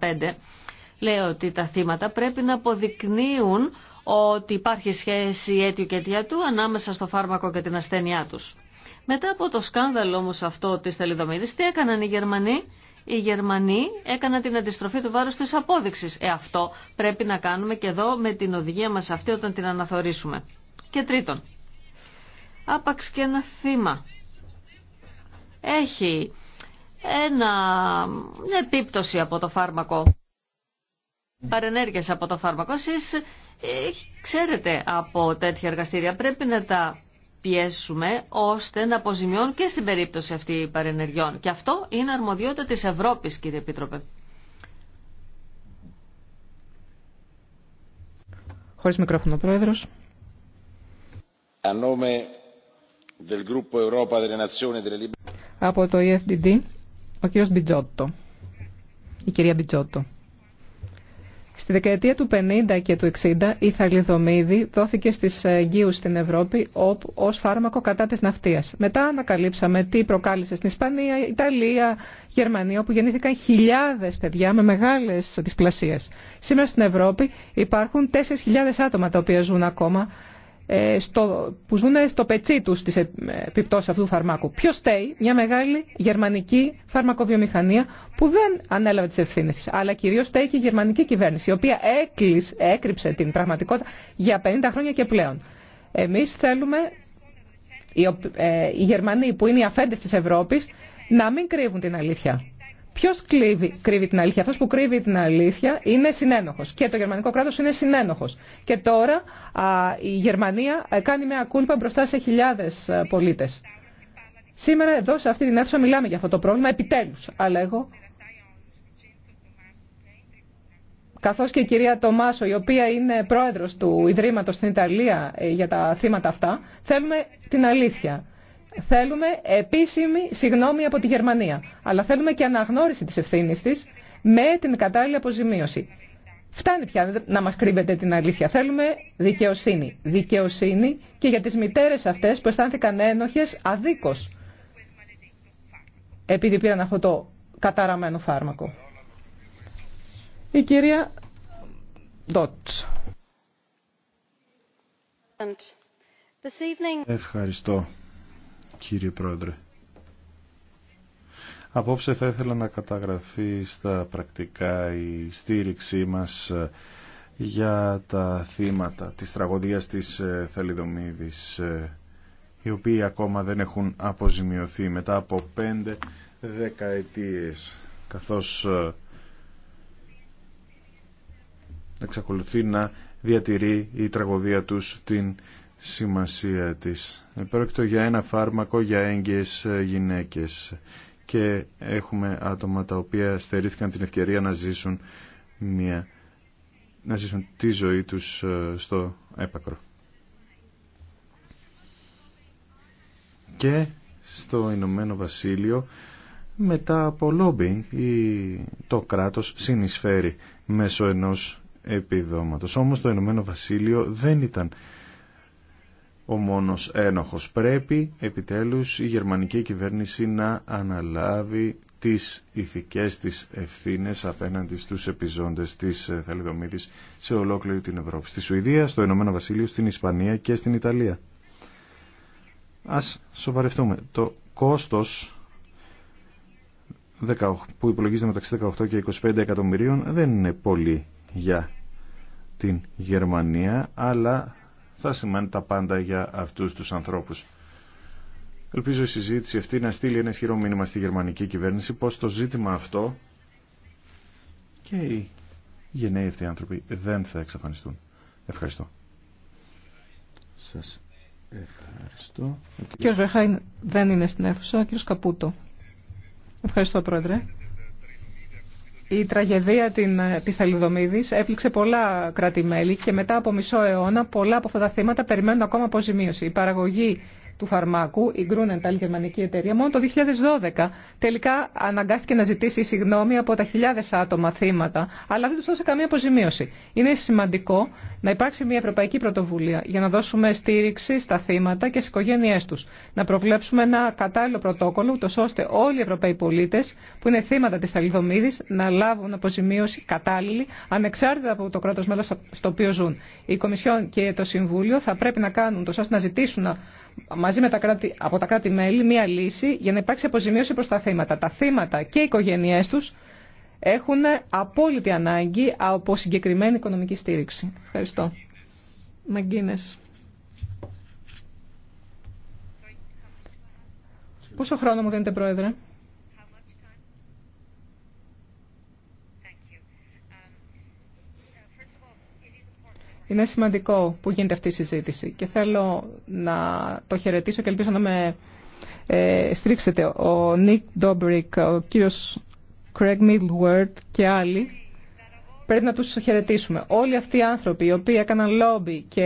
λέει ότι τα θύματα πρέπει να αποδεικνύουν ότι υπάρχει σχέση αίτιου και αιτιατού ανάμεσα στο φάρμακο και την ασθένειά τους. Μετά από το σκάνδαλο όμως αυτό της θελιδομίδης, τι έκαναν οι Γερμανοί. Οι Γερμανοί έκαναν την αντιστροφή του βάρους της απόδειξης. Ε, αυτό πρέπει να κάνουμε και εδώ με την οδηγία μας αυτή όταν την αναθεωρήσουμε. Και τρίτον, άπαξ και ένα θύμα. Έχει ένα επίπτωση από το φάρμακο παρενέργειες από το φάρμακο. Εσείς ε, ξέρετε από τέτοια εργαστήρια πρέπει να τα πιέσουμε ώστε να αποζημιώνουν και στην περίπτωση αυτή παρενεργειών. Και αυτό είναι αρμοδιότητα της Ευρώπης κύριε Επίτροπε. Χωρίς μικρόφωνο πρόεδρος. Από το EFDD, ο κύριος Μπιτζότο. Η κυρία Μπιτζότο. Στη δεκαετία του 50 και του 60 η θαλιδομίδη δόθηκε στις γύους στην Ευρώπη ως φάρμακο κατά της ναυτίας. Μετά ανακαλύψαμε τι προκάλεσε στην Ισπανία, Ιταλία, Γερμανία όπου γεννήθηκαν χιλιάδες παιδιά με μεγάλες δυσπλασίες. Σήμερα στην Ευρώπη υπάρχουν 4.000 άτομα τα οποία ζουν ακόμα ε, στο, που ζουν στο πετσί του τη επιπτώσει αυτού του φαρμάκου. Ποιο στέει, μια μεγάλη γερμανική φαρμακοβιομηχανία που δεν ανέλαβε τι ευθύνε τη, αλλά κυρίω στέει και η γερμανική κυβέρνηση, η οποία έκλεισε, έκρυψε την πραγματικότητα για 50 χρόνια και πλέον. Εμεί θέλουμε οι, ε, οι Γερμανοί που είναι οι αφέντε τη Ευρώπη να μην κρύβουν την αλήθεια. Ποιο κρύβει την αλήθεια. Αυτό που κρύβει την αλήθεια είναι συνένοχο. Και το γερμανικό κράτο είναι συνένοχο. Και τώρα α, η Γερμανία ε, κάνει μια κούλπα μπροστά σε χιλιάδε πολίτε. Σήμερα εδώ σε αυτή την αίθουσα μιλάμε για αυτό το πρόβλημα επιτέλου. Αλλά εγώ. Καθώ και η κυρία Τομάσο, η οποία είναι πρόεδρο του Ιδρύματο στην Ιταλία ε, για τα θύματα αυτά, θέλουμε την αλήθεια. Θέλουμε επίσημη συγνώμη από τη Γερμανία, αλλά θέλουμε και αναγνώριση της ευθύνη της με την κατάλληλη αποζημίωση. Φτάνει πια να μας κρύβετε την αλήθεια. Θέλουμε δικαιοσύνη. Δικαιοσύνη και για τις μητέρες αυτές που αισθάνθηκαν ένοχες αδίκως επειδή πήραν αυτό το καταραμένο φάρμακο. Η κυρία Ντότς. Ευχαριστώ κύριε Πρόεδρε. Απόψε θα ήθελα να καταγραφεί στα πρακτικά η στήριξή μας ε, για τα θύματα της τραγωδίας της ε, Θελιδομίδης ε, οι οποίοι ακόμα δεν έχουν αποζημιωθεί μετά από πέντε δεκαετίες καθώς εξακολουθεί να διατηρεί η τραγωδία τους την σημασία της. Επρόκειτο για ένα φάρμακο για έγκυες ε, γυναίκες και έχουμε άτομα τα οποία στερήθηκαν την ευκαιρία να ζήσουν, μια, να ζήσουν τη ζωή τους ε, στο έπακρο. Και στο Ηνωμένο Βασίλειο μετά από η το κράτος συνεισφέρει μέσω ενός επιδόματος. Όμως το Ηνωμένο Βασίλειο δεν ήταν ο μόνος ένοχος. Πρέπει επιτέλους η γερμανική κυβέρνηση να αναλάβει τις ηθικές της ευθύνες απέναντι στους επιζώντες της ε, Θελιδομήτης σε ολόκληρη την Ευρώπη. Στη Σουηδία, στο Ηνωμένο Βασίλειο, στην Ισπανία και στην Ιταλία. Ας σοβαρευτούμε. Το κόστος που υπολογίζεται μεταξύ 18 και 25 εκατομμυρίων δεν είναι πολύ για την Γερμανία, αλλά θα σημαίνει τα πάντα για αυτούς τους ανθρώπους. Ελπίζω η συζήτηση αυτή να στείλει ένα ισχυρό μήνυμα στη γερμανική κυβέρνηση πως το ζήτημα αυτό και οι γενναίοι αυτοί άνθρωποι δεν θα εξαφανιστούν. Ευχαριστώ. Σας ευχαριστώ. Ο κύριος δεν είναι στην αίθουσα. Ο κύριος Καπούτο. Ευχαριστώ, Πρόεδρε. Η τραγεδία την, της επληξε έπληξε πολλά κράτη-μέλη και μετά από μισό αιώνα πολλά από αυτά τα θύματα περιμένουν ακόμα αποζημίωση. Η παραγωγή του φαρμάκου, η Grunenthal, η γερμανική εταιρεία, μόνο το 2012 τελικά αναγκάστηκε να ζητήσει συγγνώμη από τα χιλιάδε άτομα θύματα, αλλά δεν του δώσε καμία αποζημίωση. Είναι σημαντικό να υπάρξει μια ευρωπαϊκή πρωτοβουλία για να δώσουμε στήριξη στα θύματα και στι οικογένειέ του. Να προβλέψουμε ένα κατάλληλο πρωτόκολλο, ούτω ώστε όλοι οι Ευρωπαίοι πολίτε που είναι θύματα τη ταλιδομίδη να λάβουν αποζημίωση κατάλληλη, ανεξάρτητα από το κράτο μέλο στο οποίο ζουν. Η Κομισιόν και το Συμβούλιο θα πρέπει να κάνουν, τόσο ώστε να ζητήσουν μαζί με τα κράτη, από τα κράτη-μέλη μία λύση για να υπάρξει αποζημίωση προς τα θύματα. Τα θύματα και οι οικογένειές τους έχουν απόλυτη ανάγκη από συγκεκριμένη οικονομική στήριξη. Ευχαριστώ. Μαγκίνες. Πόσο χρόνο μου δίνετε, Πρόεδρε. Είναι σημαντικό που γίνεται αυτή η συζήτηση και θέλω να το χαιρετήσω και ελπίζω να με ε, στρίξετε. Ο Νίκ Ντόμπρικ, ο κύριος Κρέγ Μιλουέρτ και άλλοι πρέπει να τους χαιρετήσουμε. Όλοι αυτοί οι άνθρωποι οι οποίοι έκαναν λόμπι και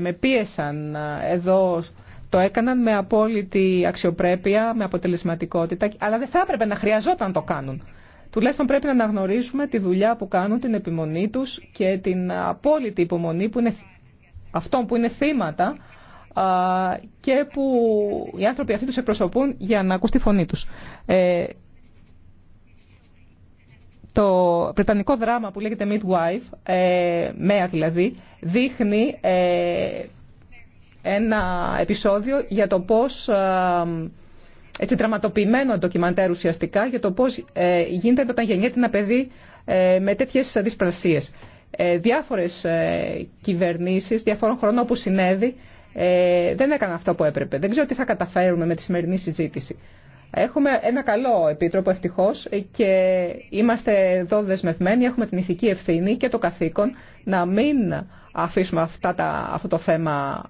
με πίεσαν ε, εδώ το έκαναν με απόλυτη αξιοπρέπεια, με αποτελεσματικότητα, αλλά δεν θα έπρεπε να χρειαζόταν να το κάνουν. Τουλάχιστον πρέπει να αναγνωρίσουμε τη δουλειά που κάνουν, την επιμονή τους και την απόλυτη υπομονή που είναι αυτών που είναι θύματα και που οι άνθρωποι αυτοί τους εκπροσωπούν για να ακούσουν τη φωνή τους. Ε, το πρετανικό δράμα που λέγεται Midwife, ε, ΜΕΑ δηλαδή, δείχνει ε, ένα επεισόδιο για το πώς έτσι δραματοποιημένο ντοκιμαντέρ ουσιαστικά για το πώς ε, γίνεται όταν γεννιέται ένα παιδί ε, με τέτοιες δυσπρασίες. Ε, διάφορες ε, κυβερνήσεις, διαφόρων χρόνων όπου συνέβη, ε, δεν έκαναν αυτό που έπρεπε. Δεν ξέρω τι θα καταφέρουμε με τη σημερινή συζήτηση. Έχουμε ένα καλό επίτροπο ευτυχώ και είμαστε εδώ δεσμευμένοι, έχουμε την ηθική ευθύνη και το καθήκον να μην αφήσουμε αυτά τα, αυτό το θέμα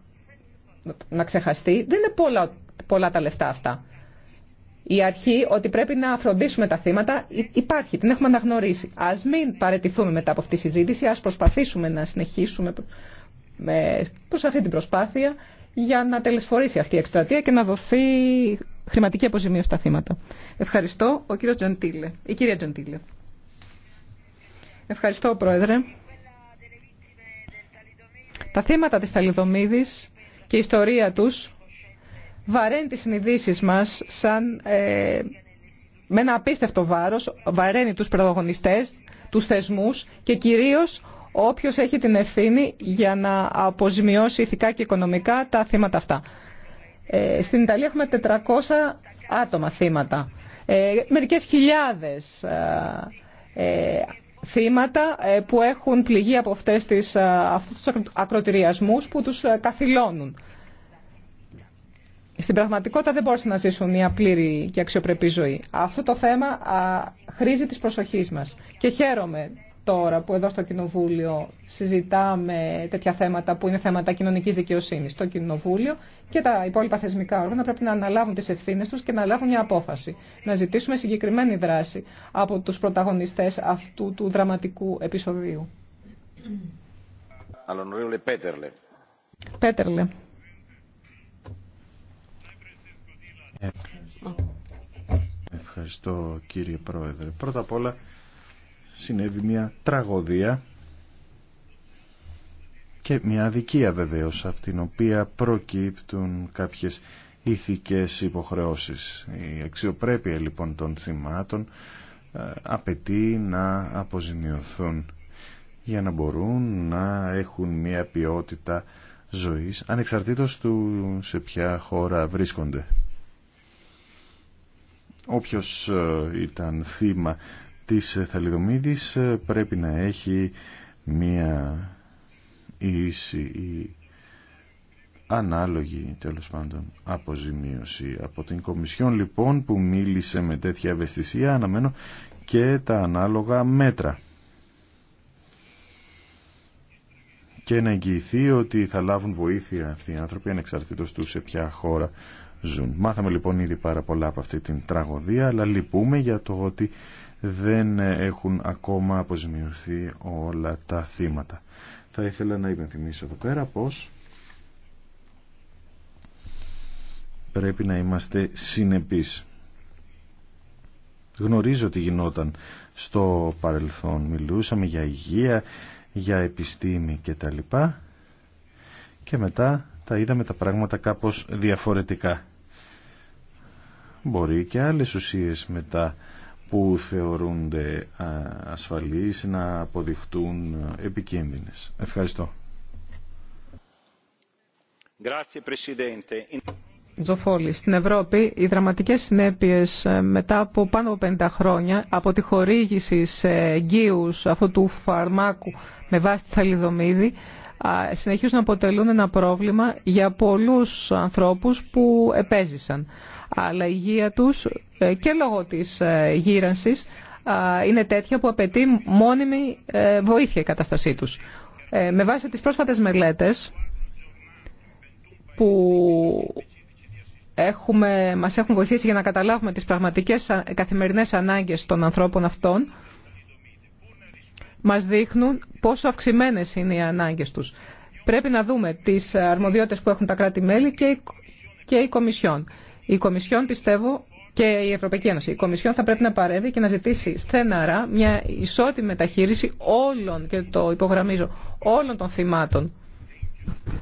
να ξεχαστεί. Δεν είναι πολλά, πολλά τα λεφτά αυτά η αρχή ότι πρέπει να φροντίσουμε τα θύματα υπάρχει, την έχουμε αναγνωρίσει. Α μην παρετηθούμε μετά από αυτή τη συζήτηση, α προσπαθήσουμε να συνεχίσουμε με, προς αυτή την προσπάθεια για να τελεσφορήσει αυτή η εκστρατεία και να δοθεί χρηματική αποζημίωση στα θύματα. Ευχαριστώ, ο κύριος Τζοντήλε, η κυρία Τζοντήλε. Ευχαριστώ, Πρόεδρε. Τα θύματα της Ταλιδομίδης και η ιστορία τους βαραίνει τις συνειδήσεις μας σαν, ε, με ένα απίστευτο βάρος, βαραίνει τους πρωταγωνιστές, τους θεσμούς και κυρίως όποιος έχει την ευθύνη για να αποζημιώσει ηθικά και οικονομικά τα θύματα αυτά. Ε, στην Ιταλία έχουμε 400 άτομα θύματα. Ε, μερικές χιλιάδες ε, ε θύματα που έχουν πληγεί από αυτές τις, αυτούς τους ακροτηριασμούς που τους καθυλώνουν στην πραγματικότητα δεν μπορούσαν να ζήσουν μια πλήρη και αξιοπρεπή ζωή. Αυτό το θέμα α, χρήζει της προσοχής μας. Και χαίρομαι τώρα που εδώ στο Κοινοβούλιο συζητάμε τέτοια θέματα που είναι θέματα κοινωνικής δικαιοσύνης. Το Κοινοβούλιο και τα υπόλοιπα θεσμικά όργανα πρέπει να αναλάβουν τις ευθύνες τους και να λάβουν μια απόφαση. Να ζητήσουμε συγκεκριμένη δράση από τους πρωταγωνιστές αυτού του δραματικού επεισοδίου. Πέτερλε. Πέτερλε. Ευχαριστώ κύριε Πρόεδρε. Πρώτα απ' όλα συνέβη μια τραγωδία και μια αδικία βεβαίως από την οποία προκύπτουν κάποιες ηθικές υποχρεώσεις. Η αξιοπρέπεια λοιπόν των θυμάτων ε, απαιτεί να αποζημιωθούν για να μπορούν να έχουν μια ποιότητα ζωής ανεξαρτήτως του σε ποια χώρα βρίσκονται όποιος ε, ήταν θύμα της θαλιδομίδης ε, πρέπει να έχει μία ίση ή ανάλογη τέλος πάντων αποζημίωση από την Κομισιόν λοιπόν που μίλησε με τέτοια ευαισθησία αναμένω και τα ανάλογα μέτρα και να εγγυηθεί ότι θα λάβουν βοήθεια αυτοί οι άνθρωποι ανεξαρτήτως του σε ποια χώρα ζουν. Μάθαμε λοιπόν ήδη πάρα πολλά από αυτή την τραγωδία, αλλά λυπούμε για το ότι δεν έχουν ακόμα αποζημιωθεί όλα τα θύματα. Θα ήθελα να υπενθυμίσω εδώ πέρα πως πρέπει να είμαστε συνεπείς. Γνωρίζω τι γινόταν στο παρελθόν. Μιλούσαμε για υγεία, για επιστήμη κτλ. Και μετά τα είδαμε τα πράγματα κάπως διαφορετικά μπορεί και άλλες ουσίες μετά που θεωρούνται ασφαλείς να αποδειχτούν ε, επικίνδυνες. Ευχαριστώ. Τζοφόλη, στην Ευρώπη οι δραματικές συνέπειες ε, μετά από πάνω από 50 χρόνια από τη χορήγηση σε εγγύους αυτού του φαρμάκου με βάση τη θαλιδομίδη συνεχίζουν να αποτελούν ένα πρόβλημα για πολλούς ανθρώπους που επέζησαν αλλά η υγεία τους ε, και λόγω της ε, γύρανσης είναι τέτοια που απαιτεί μόνιμη ε, βοήθεια η κατάστασή τους. Με βάση τις πρόσφατες μελέτες που έχουμε, μας έχουν βοηθήσει για να καταλάβουμε τις πραγματικές καθημερινές ανάγκες των ανθρώπων αυτών, μας δείχνουν πόσο αυξημένες είναι οι ανάγκες τους. Πρέπει να δούμε τις αρμοδιότητες που έχουν τα κράτη-μέλη και η Κομισιόν. Η Κομισιόν πιστεύω και η Ευρωπαϊκή Ένωση. Η Κομισιόν θα πρέπει να παρέμβει και να ζητήσει στεναρά μια ισότιμη μεταχείριση όλων, και το υπογραμμίζω, όλων των θυμάτων.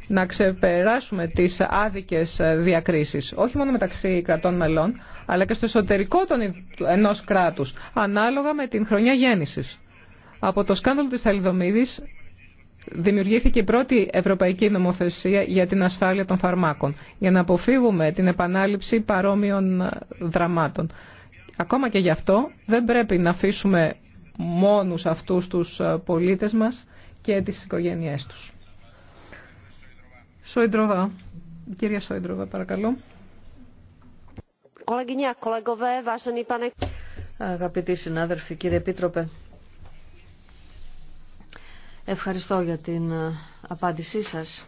Να ξεπεράσουμε τις άδικες διακρίσεις, όχι μόνο μεταξύ κρατών μελών, αλλά και στο εσωτερικό των ενός ανάλογα με την χρονιά γέννηση. Από το σκάνδαλο τη Θαλιδομίδη, δημιουργήθηκε η πρώτη ευρωπαϊκή νομοθεσία για την ασφάλεια των φαρμάκων, για να αποφύγουμε την επανάληψη παρόμοιων δραμάτων. Ακόμα και γι' αυτό δεν πρέπει να αφήσουμε μόνους αυτούς τους ε, πολίτες μας και τις οικογένειές τους. Σόιντροβα, κυρία Σόιντροβα παρακαλώ. Αγαπητοί συνάδελφοι, κύριε Επίτροπε, Ευχαριστώ για την ε, απάντησή σας.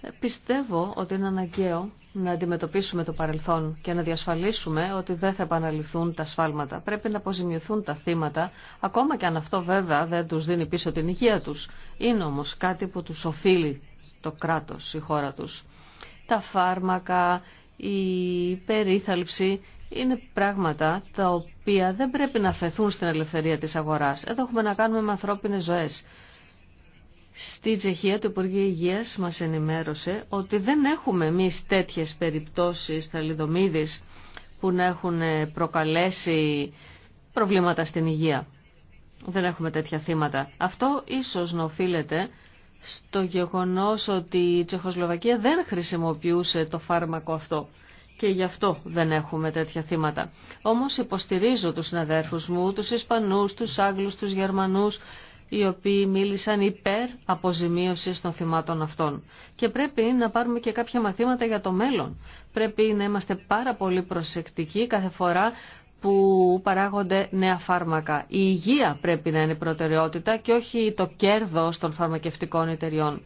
Ε, πιστεύω ότι είναι αναγκαίο να αντιμετωπίσουμε το παρελθόν και να διασφαλίσουμε ότι δεν θα επαναληφθούν τα σφάλματα. Πρέπει να αποζημιωθούν τα θύματα, ακόμα και αν αυτό βέβαια δεν τους δίνει πίσω την υγεία τους. Είναι όμως κάτι που τους οφείλει το κράτος, η χώρα τους. Τα φάρμακα, η περίθαλψη είναι πράγματα τα οποία δεν πρέπει να φεθούν στην ελευθερία της αγοράς. Εδώ έχουμε να κάνουμε με ανθρώπινες ζωές. Στη Τσεχία το Υπουργείο Υγείας μας ενημέρωσε ότι δεν έχουμε εμεί τέτοιες περιπτώσεις θαλιδομίδης που να έχουν προκαλέσει προβλήματα στην υγεία. Δεν έχουμε τέτοια θύματα. Αυτό ίσως να οφείλεται στο γεγονός ότι η Τσεχοσλοβακία δεν χρησιμοποιούσε το φάρμακο αυτό και γι' αυτό δεν έχουμε τέτοια θύματα. Όμως υποστηρίζω τους συναδέρφους μου, τους Ισπανούς, τους Άγγλους, τους Γερμανούς, οι οποίοι μίλησαν υπέρ αποζημίωσης των θυμάτων αυτών. Και πρέπει να πάρουμε και κάποια μαθήματα για το μέλλον. Πρέπει να είμαστε πάρα πολύ προσεκτικοί κάθε φορά που παράγονται νέα φάρμακα. Η υγεία πρέπει να είναι προτεραιότητα και όχι το κέρδος των φαρμακευτικών εταιριών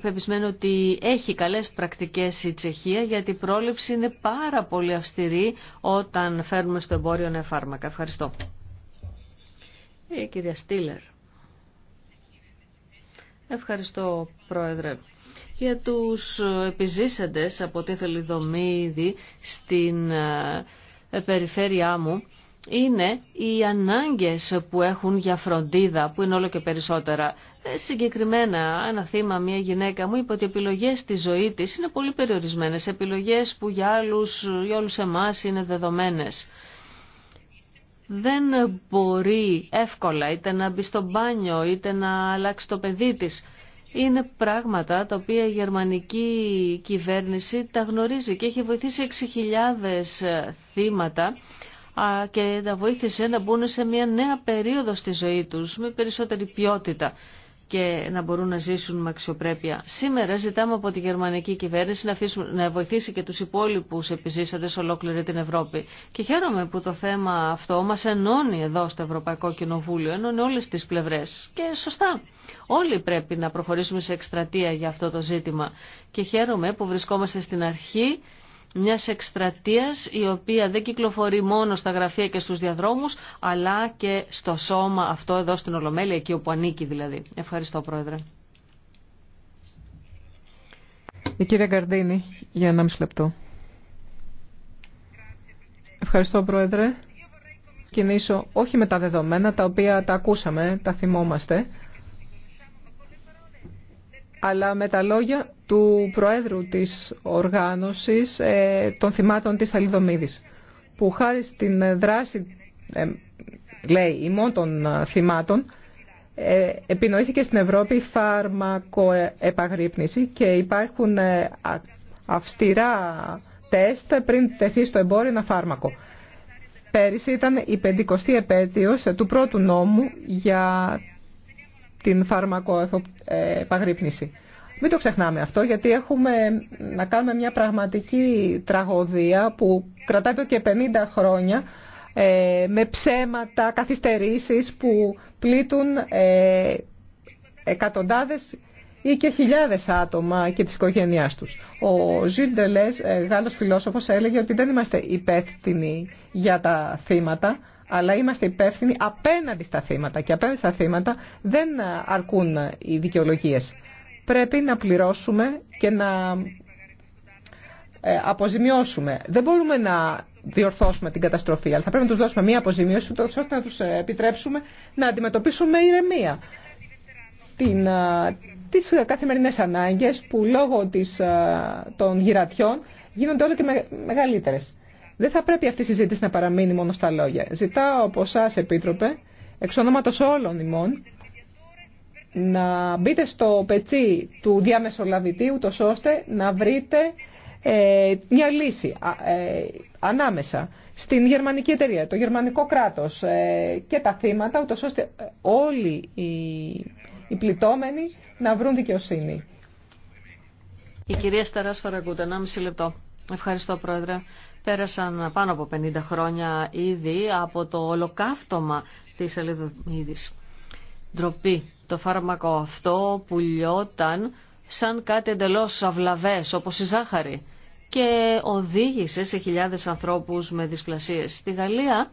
πεπισμένο ότι έχει καλές πρακτικές η Τσεχία γιατί η πρόληψη είναι πάρα πολύ αυστηρή όταν φέρνουμε στο εμπόριο νέα φάρμακα. Ευχαριστώ. Η ε, κυρία Στήλερ. Ευχαριστώ Πρόεδρε. Για τους επιζήσαντες από τη θελειδομή ήδη στην ε, περιφέρειά μου είναι οι ανάγκες που έχουν για φροντίδα που είναι όλο και περισσότερα. Συγκεκριμένα, ένα θύμα, μια γυναίκα μου είπε ότι οι επιλογές στη ζωή της είναι πολύ περιορισμένες. Επιλογές που για άλλους, για όλους εμάς είναι δεδομένες. Δεν μπορεί εύκολα είτε να μπει στο μπάνιο είτε να αλλάξει το παιδί της. Είναι πράγματα τα οποία η γερμανική κυβέρνηση τα γνωρίζει και έχει βοηθήσει 6.000 θύματα και τα βοήθησε να μπουν σε μια νέα περίοδο στη ζωή τους με περισσότερη ποιότητα και να μπορούν να ζήσουν με αξιοπρέπεια. Σήμερα ζητάμε από τη γερμανική κυβέρνηση να, αφήσουν, να βοηθήσει και τους υπόλοιπους επιζήσαντες ολόκληρη την Ευρώπη. Και χαίρομαι που το θέμα αυτό μας ενώνει εδώ στο Ευρωπαϊκό Κοινοβούλιο, ενώνει όλες τις πλευρές. Και σωστά, όλοι πρέπει να προχωρήσουμε σε εκστρατεία για αυτό το ζήτημα. Και χαίρομαι που βρισκόμαστε στην αρχή μιας εκστρατείας η οποία δεν κυκλοφορεί μόνο στα γραφεία και στους διαδρόμους αλλά και στο σώμα αυτό εδώ στην Ολομέλεια εκεί όπου ανήκει δηλαδή. Ευχαριστώ Πρόεδρε. Η κυρία Καρδίνη, για ένα μισό λεπτό. Ευχαριστώ Πρόεδρε. Κινήσω όχι με τα δεδομένα τα οποία τα ακούσαμε, τα θυμόμαστε αλλά με τα λόγια του Προέδρου της Οργάνωσης ε, των Θυμάτων της Θαλιδομίδης, που χάρη στην δράση, ε, λέει, ημών των ε, θυμάτων, επινοήθηκε στην Ευρώπη φαρμακοεπαγρύπνηση και υπάρχουν αυστηρά τεστ πριν τεθεί στο εμπόριο ένα φάρμακο. Πέρυσι ήταν η 50η επέτειος του πρώτου νόμου για την φάρμακοεπαγρύπνηση. Μην το ξεχνάμε αυτό, γιατί έχουμε να κάνουμε μια πραγματική τραγωδία που κρατάει εδώ και 50 χρόνια ε, με ψέματα, καθυστερήσεις που πλήττουν ε, εκατοντάδες ή και χιλιάδες άτομα και της οικογένειάς τους. Ο Ζιλ Ντελές, ε, Γάλλος φιλόσοφος, έλεγε ότι δεν είμαστε υπεύθυνοι για τα θύματα, αλλά είμαστε υπεύθυνοι απέναντι στα θύματα. Και απέναντι στα θύματα δεν αρκούν οι δικαιολογίες πρέπει να πληρώσουμε και να ε, αποζημιώσουμε. Δεν μπορούμε να διορθώσουμε την καταστροφή, αλλά θα πρέπει να τους δώσουμε μία αποζημίωση, ώστε να τους ε, επιτρέψουμε να αντιμετωπίσουμε με ηρεμία την, ε, τις καθημερινές ανάγκες που λόγω της, των γυρατιών γίνονται όλο και μεγαλύτερες. Δεν θα πρέπει αυτή η συζήτηση να παραμείνει μόνο στα λόγια. Ζητάω από εσά, Επίτροπε, εξ ονόματος όλων ημών, να μπείτε στο πετσί του διαμεσολαβητή, το ώστε να βρείτε ε, μια λύση ε, ανάμεσα στην γερμανική εταιρεία, το γερμανικό κράτος ε, και τα θύματα, ούτως ώστε όλοι οι πληττόμενοι να βρουν δικαιοσύνη. Η κυρία Σταράς Φαραγκούτα, 1,5 λεπτό. Ευχαριστώ, Πρόεδρε. Πέρασαν πάνω από 50 χρόνια ήδη από το ολοκαύτωμα της Ελίδου Ντροπή το φάρμακο αυτό που πουλιόταν σαν κάτι εντελώς αυλαβές, όπως η ζάχαρη και οδήγησε σε χιλιάδες ανθρώπους με δυσπλασίες. Στη Γαλλία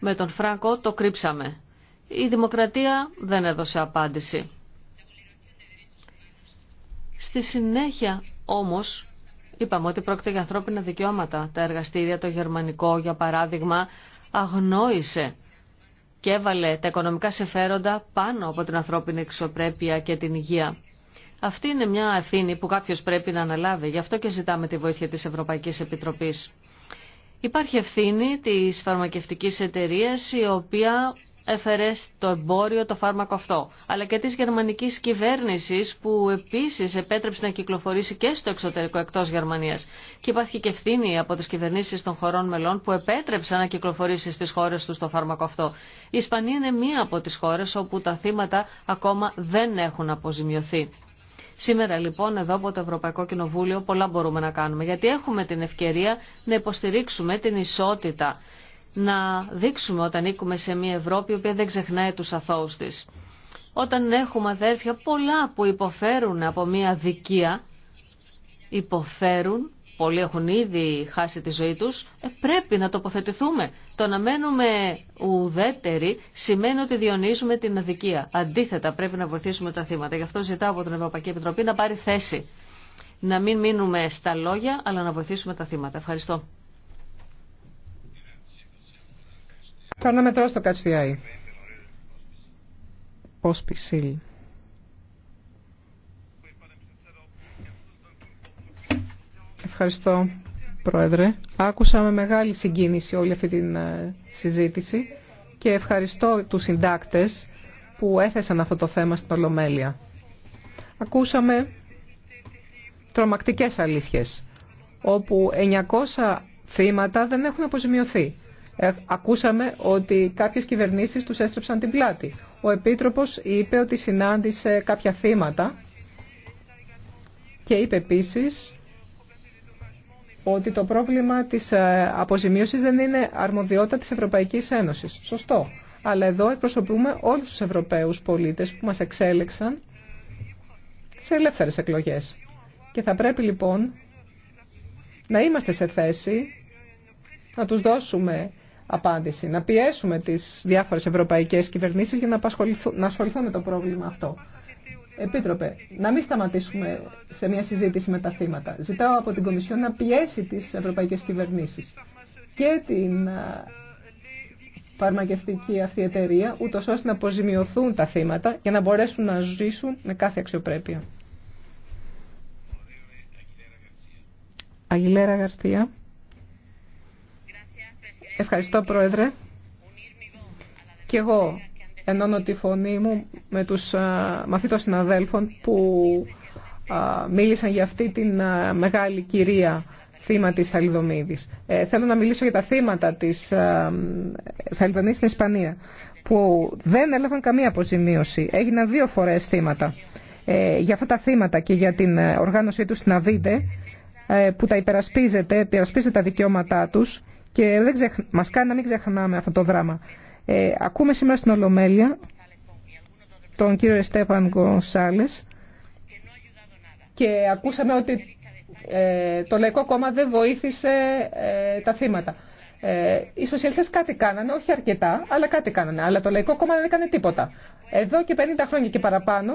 με τον Φράγκο το κρύψαμε. Η δημοκρατία δεν έδωσε απάντηση. Στη συνέχεια όμως είπαμε ότι πρόκειται για ανθρώπινα δικαιώματα. Τα εργαστήρια, το γερμανικό για παράδειγμα, αγνόησε και έβαλε τα οικονομικά συμφέροντα πάνω από την ανθρώπινη εξωπρέπεια και την υγεία. Αυτή είναι μια ευθύνη που κάποιο πρέπει να αναλάβει. Γι' αυτό και ζητάμε τη βοήθεια τη Ευρωπαϊκή Επιτροπή. Υπάρχει ευθύνη τη φαρμακευτική εταιρεία η οποία έφερε στο εμπόριο το φάρμακο αυτό, αλλά και της γερμανικής κυβέρνησης που επίσης επέτρεψε να κυκλοφορήσει και στο εξωτερικό εκτός Γερμανίας. Και υπάρχει και ευθύνη από τις κυβερνήσεις των χωρών μελών που επέτρεψαν να κυκλοφορήσει στις χώρες τους το φάρμακο αυτό. Η Ισπανία είναι μία από τις χώρες όπου τα θύματα ακόμα δεν έχουν αποζημιωθεί. Σήμερα λοιπόν εδώ από το Ευρωπαϊκό Κοινοβούλιο πολλά μπορούμε να κάνουμε γιατί έχουμε την ευκαιρία να υποστηρίξουμε την ισότητα να δείξουμε όταν ήκουμε σε μια Ευρώπη η οποία δεν ξεχνάει τους αθώους της. Όταν έχουμε αδέρφια πολλά που υποφέρουν από μια δικία, υποφέρουν, πολλοί έχουν ήδη χάσει τη ζωή τους, ε, πρέπει να τοποθετηθούμε. Το να μένουμε ουδέτεροι σημαίνει ότι διονύζουμε την αδικία. Αντίθετα πρέπει να βοηθήσουμε τα θύματα. Γι' αυτό ζητάω από την Ευρωπαϊκή Επιτροπή να πάρει θέση. Να μην μείνουμε στα λόγια, αλλά να βοηθήσουμε τα θύματα. Ευχαριστώ. Περνάμε το στο Κατσιάι. Πώς Ευχαριστώ, Πρόεδρε. Άκουσα με μεγάλη συγκίνηση όλη αυτή την ε, συζήτηση και ευχαριστώ τους συντάκτες που έθεσαν αυτό το θέμα στην Ολομέλεια. Ακούσαμε τρομακτικές αλήθειες, όπου 900 θύματα δεν έχουν αποζημιωθεί. Ε, ακούσαμε ότι κάποιες κυβερνήσεις τους έστρεψαν την πλάτη. Ο Επίτροπος είπε ότι συνάντησε κάποια θύματα και είπε επίσης ότι το πρόβλημα της ε, αποζημίωσης δεν είναι αρμοδιότητα της Ευρωπαϊκής Ένωσης. Σωστό. Αλλά εδώ εκπροσωπούμε όλους τους Ευρωπαίους πολίτες που μας εξέλεξαν σε ελεύθερες εκλογές. Και θα πρέπει λοιπόν να είμαστε σε θέση να τους δώσουμε απάντηση. Να πιέσουμε τις διάφορες ευρωπαϊκές κυβερνήσεις για να, να ασχοληθούν με το πρόβλημα αυτό. Επίτροπε, να μην σταματήσουμε σε μια συζήτηση με τα θύματα. Ζητάω από την Κομισιόν να πιέσει τις ευρωπαϊκές κυβερνήσεις και την φαρμακευτική αυτή εταιρεία, ούτω ώστε να αποζημιωθούν τα θύματα για να μπορέσουν να ζήσουν με κάθε αξιοπρέπεια. Αγιλέρα Γαρτία. Ευχαριστώ, Πρόεδρε. Και εγώ ενώνω τη φωνή μου με τους μαθήτων συναδέλφων που μίλησαν για αυτή την μεγάλη κυρία θύμα της Θαλιδομίδης. Ε, θέλω να μιλήσω για τα θύματα της ε, στην Ισπανία, που δεν έλαβαν καμία αποζημίωση. Έγιναν δύο φορές θύματα. Ε, για αυτά τα θύματα και για την ε, οργάνωσή τους στην Αβίτε, που τα υπερασπίζεται, υπερασπίζεται τα δικαιώματά τους, και δεν μας κάνει να μην ξεχνάμε αυτό το δράμα. Ε, ακούμε σήμερα στην Ολομέλεια τον κύριο Στέφαν Γκονσάλες και ακούσαμε ότι ε, το Λαϊκό Κόμμα δεν βοήθησε ε, τα θύματα. Ε, οι σοσιαλιστές κάτι κάνανε, όχι αρκετά, αλλά κάτι κάνανε. Αλλά το Λαϊκό Κόμμα δεν έκανε τίποτα. Εδώ και 50 χρόνια και παραπάνω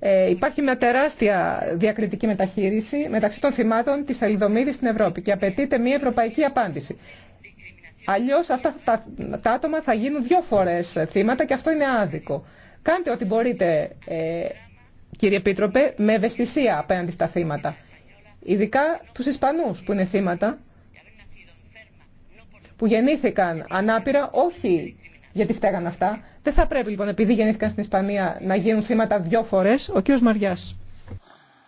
ε, υπάρχει μια τεράστια διακριτική μεταχείριση μεταξύ των θυμάτων της θελιδομίδης στην Ευρώπη και απαιτείται μια ευρωπαϊκή απάντηση. Αλλιώς αυτά τα, τα άτομα θα γίνουν δύο φορές θύματα και αυτό είναι άδικο. Κάντε ό,τι μπορείτε, ε, κύριε Επίτροπε, με ευαισθησία απέναντι στα θύματα. Ειδικά τους Ισπανούς που είναι θύματα, που γεννήθηκαν ανάπηρα, όχι γιατί φταίγαν αυτά. Δεν θα πρέπει λοιπόν, επειδή γεννήθηκαν στην Ισπανία, να γίνουν θύματα δύο φορές. Ο κύριος Μαριάς.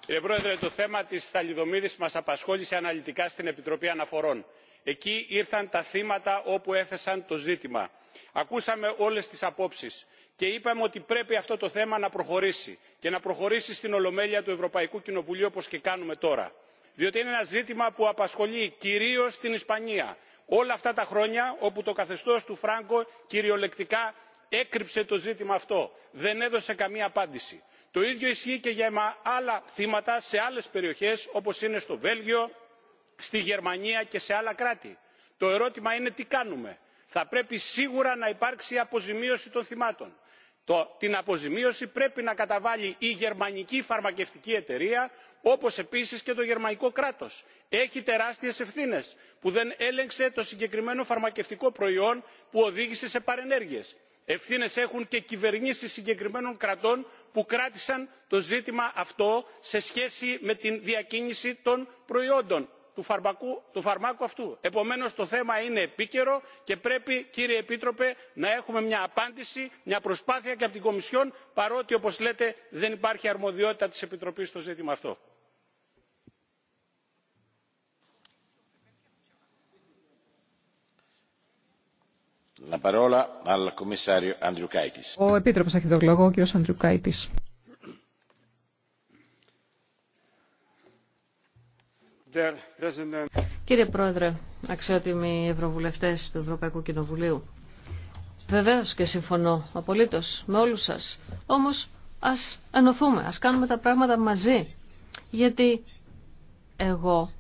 Κύριε Πρόεδρε, το θέμα της θαλιδομίδης μας απασχόλησε αναλυτικά στην Επιτροπή Αναφορών εκεί ήρθαν τα θύματα όπου έθεσαν το ζήτημα. ακούσαμε όλες τις απόψεις και είπαμε ότι πρέπει αυτό το θέμα να προχωρήσει και να προχωρήσει στην ολομέλεια του ευρωπαϊκού κοινοβουλίου όπως και κάνουμε τώρα διότι είναι ένα ζήτημα που απασχολεί κυρίως την ισπανία όλα αυτά τα χρόνια όπου το καθεστώς του φράγκο κυριολεκτικά έκρυψε το ζήτημα αυτό δεν έδωσε καμία απάντηση. το ίδιο ισχύει και για άλλα θύματα σε άλλες περιοχές όπως είναι στο βέλγιο στη γερμανία και σε άλλα κράτη. το ερώτημα είναι τι κάνουμε. θα πρέπει σίγουρα να υπάρξει αποζημίωση των θυμάτων. την αποζημίωση πρέπει να καταβάλει η γερμανική φαρμακευτική εταιρεία όπως επίσης και το γερμανικό κράτος. έχει τεράστιες ευθύνες που δεν έλεγξε το συγκεκριμένο φαρμακευτικό προϊόν που οδήγησε σε παρενέργειες. ευθύνες έχουν και κυβερνήσεις συγκεκριμένων κρατών που κράτησαν το ζήτημα αυτό σε σχέση με την διακίνηση των προϊόντων του φαρμάκου αυτού. επομένως το θέμα είναι επίκαιρο και πρέπει κύριε επίτροπε να έχουμε μια απάντηση μια προσπάθεια και από την κομισιόν παρότι όπως λέτε δεν υπάρχει αρμοδιότητα της επιτροπής στο ζήτημα αυτό. Ο Επίτροπος έχει το λόγο, ο κύριος Ανδρουκάητης. Κύριε Πρόεδρε, αξιότιμοι ευρωβουλευτές του Ευρωπαϊκού Κοινοβουλίου, βεβαίως και συμφωνώ απολύτως με όλους σας. Όμως ας ενωθούμε, ας κάνουμε τα πράγματα μαζί. Γιατί εγώ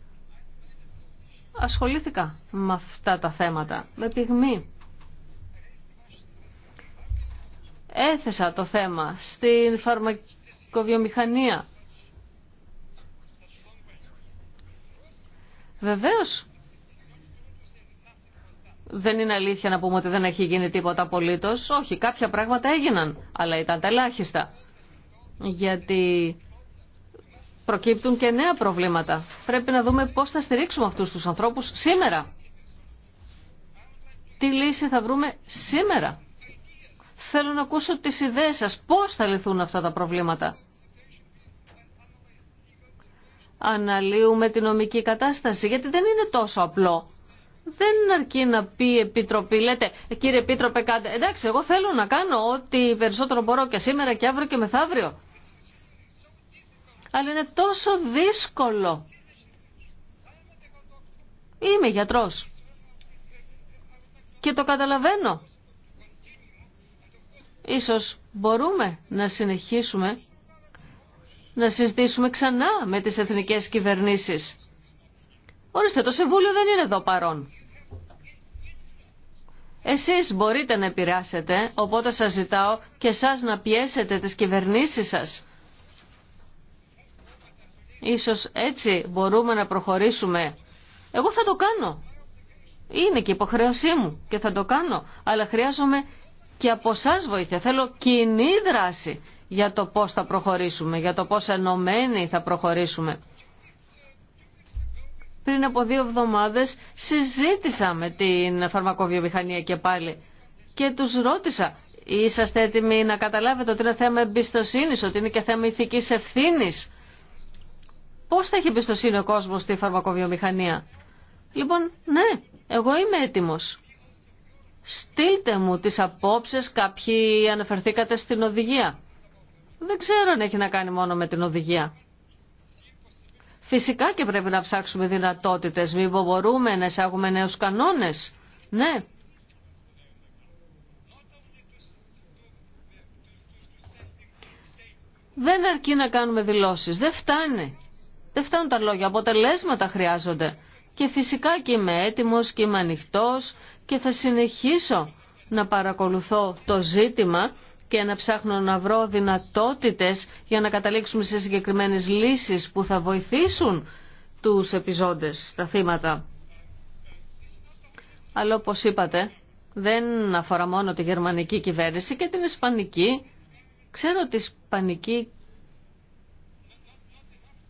ασχολήθηκα με αυτά τα θέματα, με πυγμή. Έθεσα το θέμα στην φαρμακοβιομηχανία Βεβαίω, δεν είναι αλήθεια να πούμε ότι δεν έχει γίνει τίποτα απολύτω. Όχι, κάποια πράγματα έγιναν, αλλά ήταν τα ελάχιστα. Γιατί προκύπτουν και νέα προβλήματα. Πρέπει να δούμε πώς θα στηρίξουμε αυτούς τους ανθρώπους σήμερα. Τι λύση θα βρούμε σήμερα. Θέλω να ακούσω τις ιδέες σας. Πώς θα λυθούν αυτά τα προβλήματα αναλύουμε την νομική κατάσταση, γιατί δεν είναι τόσο απλό. Δεν αρκεί να πει Επιτροπή, λέτε κύριε Επίτροπε κάντε, εντάξει εγώ θέλω να κάνω ό,τι περισσότερο μπορώ και σήμερα και αύριο και μεθαύριο. Αλλά είναι τόσο δύσκολο. Είμαι γιατρός. Και το καταλαβαίνω. Ίσως μπορούμε να συνεχίσουμε να συζητήσουμε ξανά με τις εθνικές κυβερνήσεις. Ορίστε, το Συμβούλιο δεν είναι εδώ παρόν. Εσείς μπορείτε να επηρεάσετε, οπότε σας ζητάω και σας να πιέσετε τις κυβερνήσεις σας. Ίσως έτσι μπορούμε να προχωρήσουμε. Εγώ θα το κάνω. Είναι και υποχρέωσή μου και θα το κάνω. Αλλά χρειάζομαι και από εσά βοήθεια. Θέλω κοινή δράση για το πώς θα προχωρήσουμε, για το πώς ενωμένοι θα προχωρήσουμε. Πριν από δύο εβδομάδες συζήτησα με την φαρμακοβιομηχανία και πάλι και τους ρώτησα είσαστε έτοιμοι να καταλάβετε ότι είναι θέμα εμπιστοσύνη, ότι είναι και θέμα ηθικής ευθύνη. Πώς θα έχει εμπιστοσύνη ο κόσμος στη φαρμακοβιομηχανία. Λοιπόν, ναι, εγώ είμαι έτοιμος. Στείλτε μου τις απόψεις, κάποιοι αναφερθήκατε στην οδηγία δεν ξέρω αν έχει να κάνει μόνο με την οδηγία. Φυσικά και πρέπει να ψάξουμε δυνατότητες, μήπως μπορούμε να εισάγουμε νέους κανόνες. Ναι. Δεν αρκεί να κάνουμε δηλώσεις, δεν φτάνει. Δεν φτάνουν τα λόγια, αποτελέσματα χρειάζονται. Και φυσικά και είμαι έτοιμος και είμαι ανοιχτό και θα συνεχίσω να παρακολουθώ το ζήτημα και να ψάχνω να βρω δυνατότητες για να καταλήξουμε σε συγκεκριμένες λύσεις που θα βοηθήσουν τους επιζώντες, τα θύματα. Αλλά όπως είπατε, δεν αφορά μόνο τη γερμανική κυβέρνηση και την ισπανική. Ξέρω ότι η ισπανική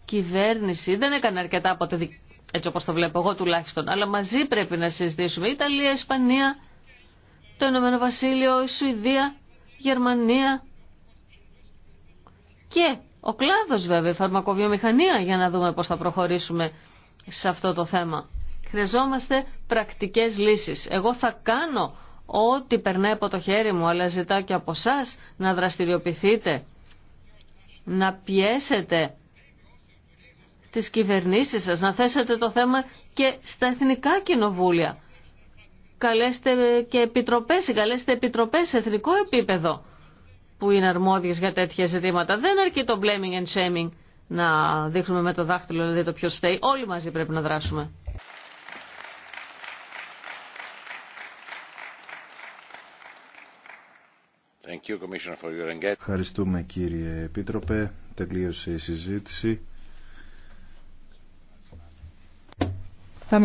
κυβέρνηση δεν έκανε αρκετά από τη έτσι όπως το βλέπω εγώ τουλάχιστον, αλλά μαζί πρέπει να συζητήσουμε. Ιταλία, Ισπανία, το Ηνωμένο Βασίλειο, η Σουηδία Γερμανία και ο κλάδος βέβαια, η φαρμακοβιομηχανία για να δούμε πώς θα προχωρήσουμε σε αυτό το θέμα. Χρειαζόμαστε πρακτικές λύσεις. Εγώ θα κάνω ό,τι περνάει από το χέρι μου, αλλά ζητάω και από εσά να δραστηριοποιηθείτε, να πιέσετε τις κυβερνήσεις σας, να θέσετε το θέμα και στα εθνικά κοινοβούλια καλέστε και επιτροπές, καλέστε επιτροπές σε εθνικό επίπεδο που είναι αρμόδιες για τέτοια ζητήματα. Δεν αρκεί το blaming and shaming να δείχνουμε με το δάχτυλο δηλαδή το ποιος φταίει. Όλοι μαζί πρέπει να δράσουμε. Ευχαριστούμε κύριε Επίτροπε. Τελείωσε η συζήτηση.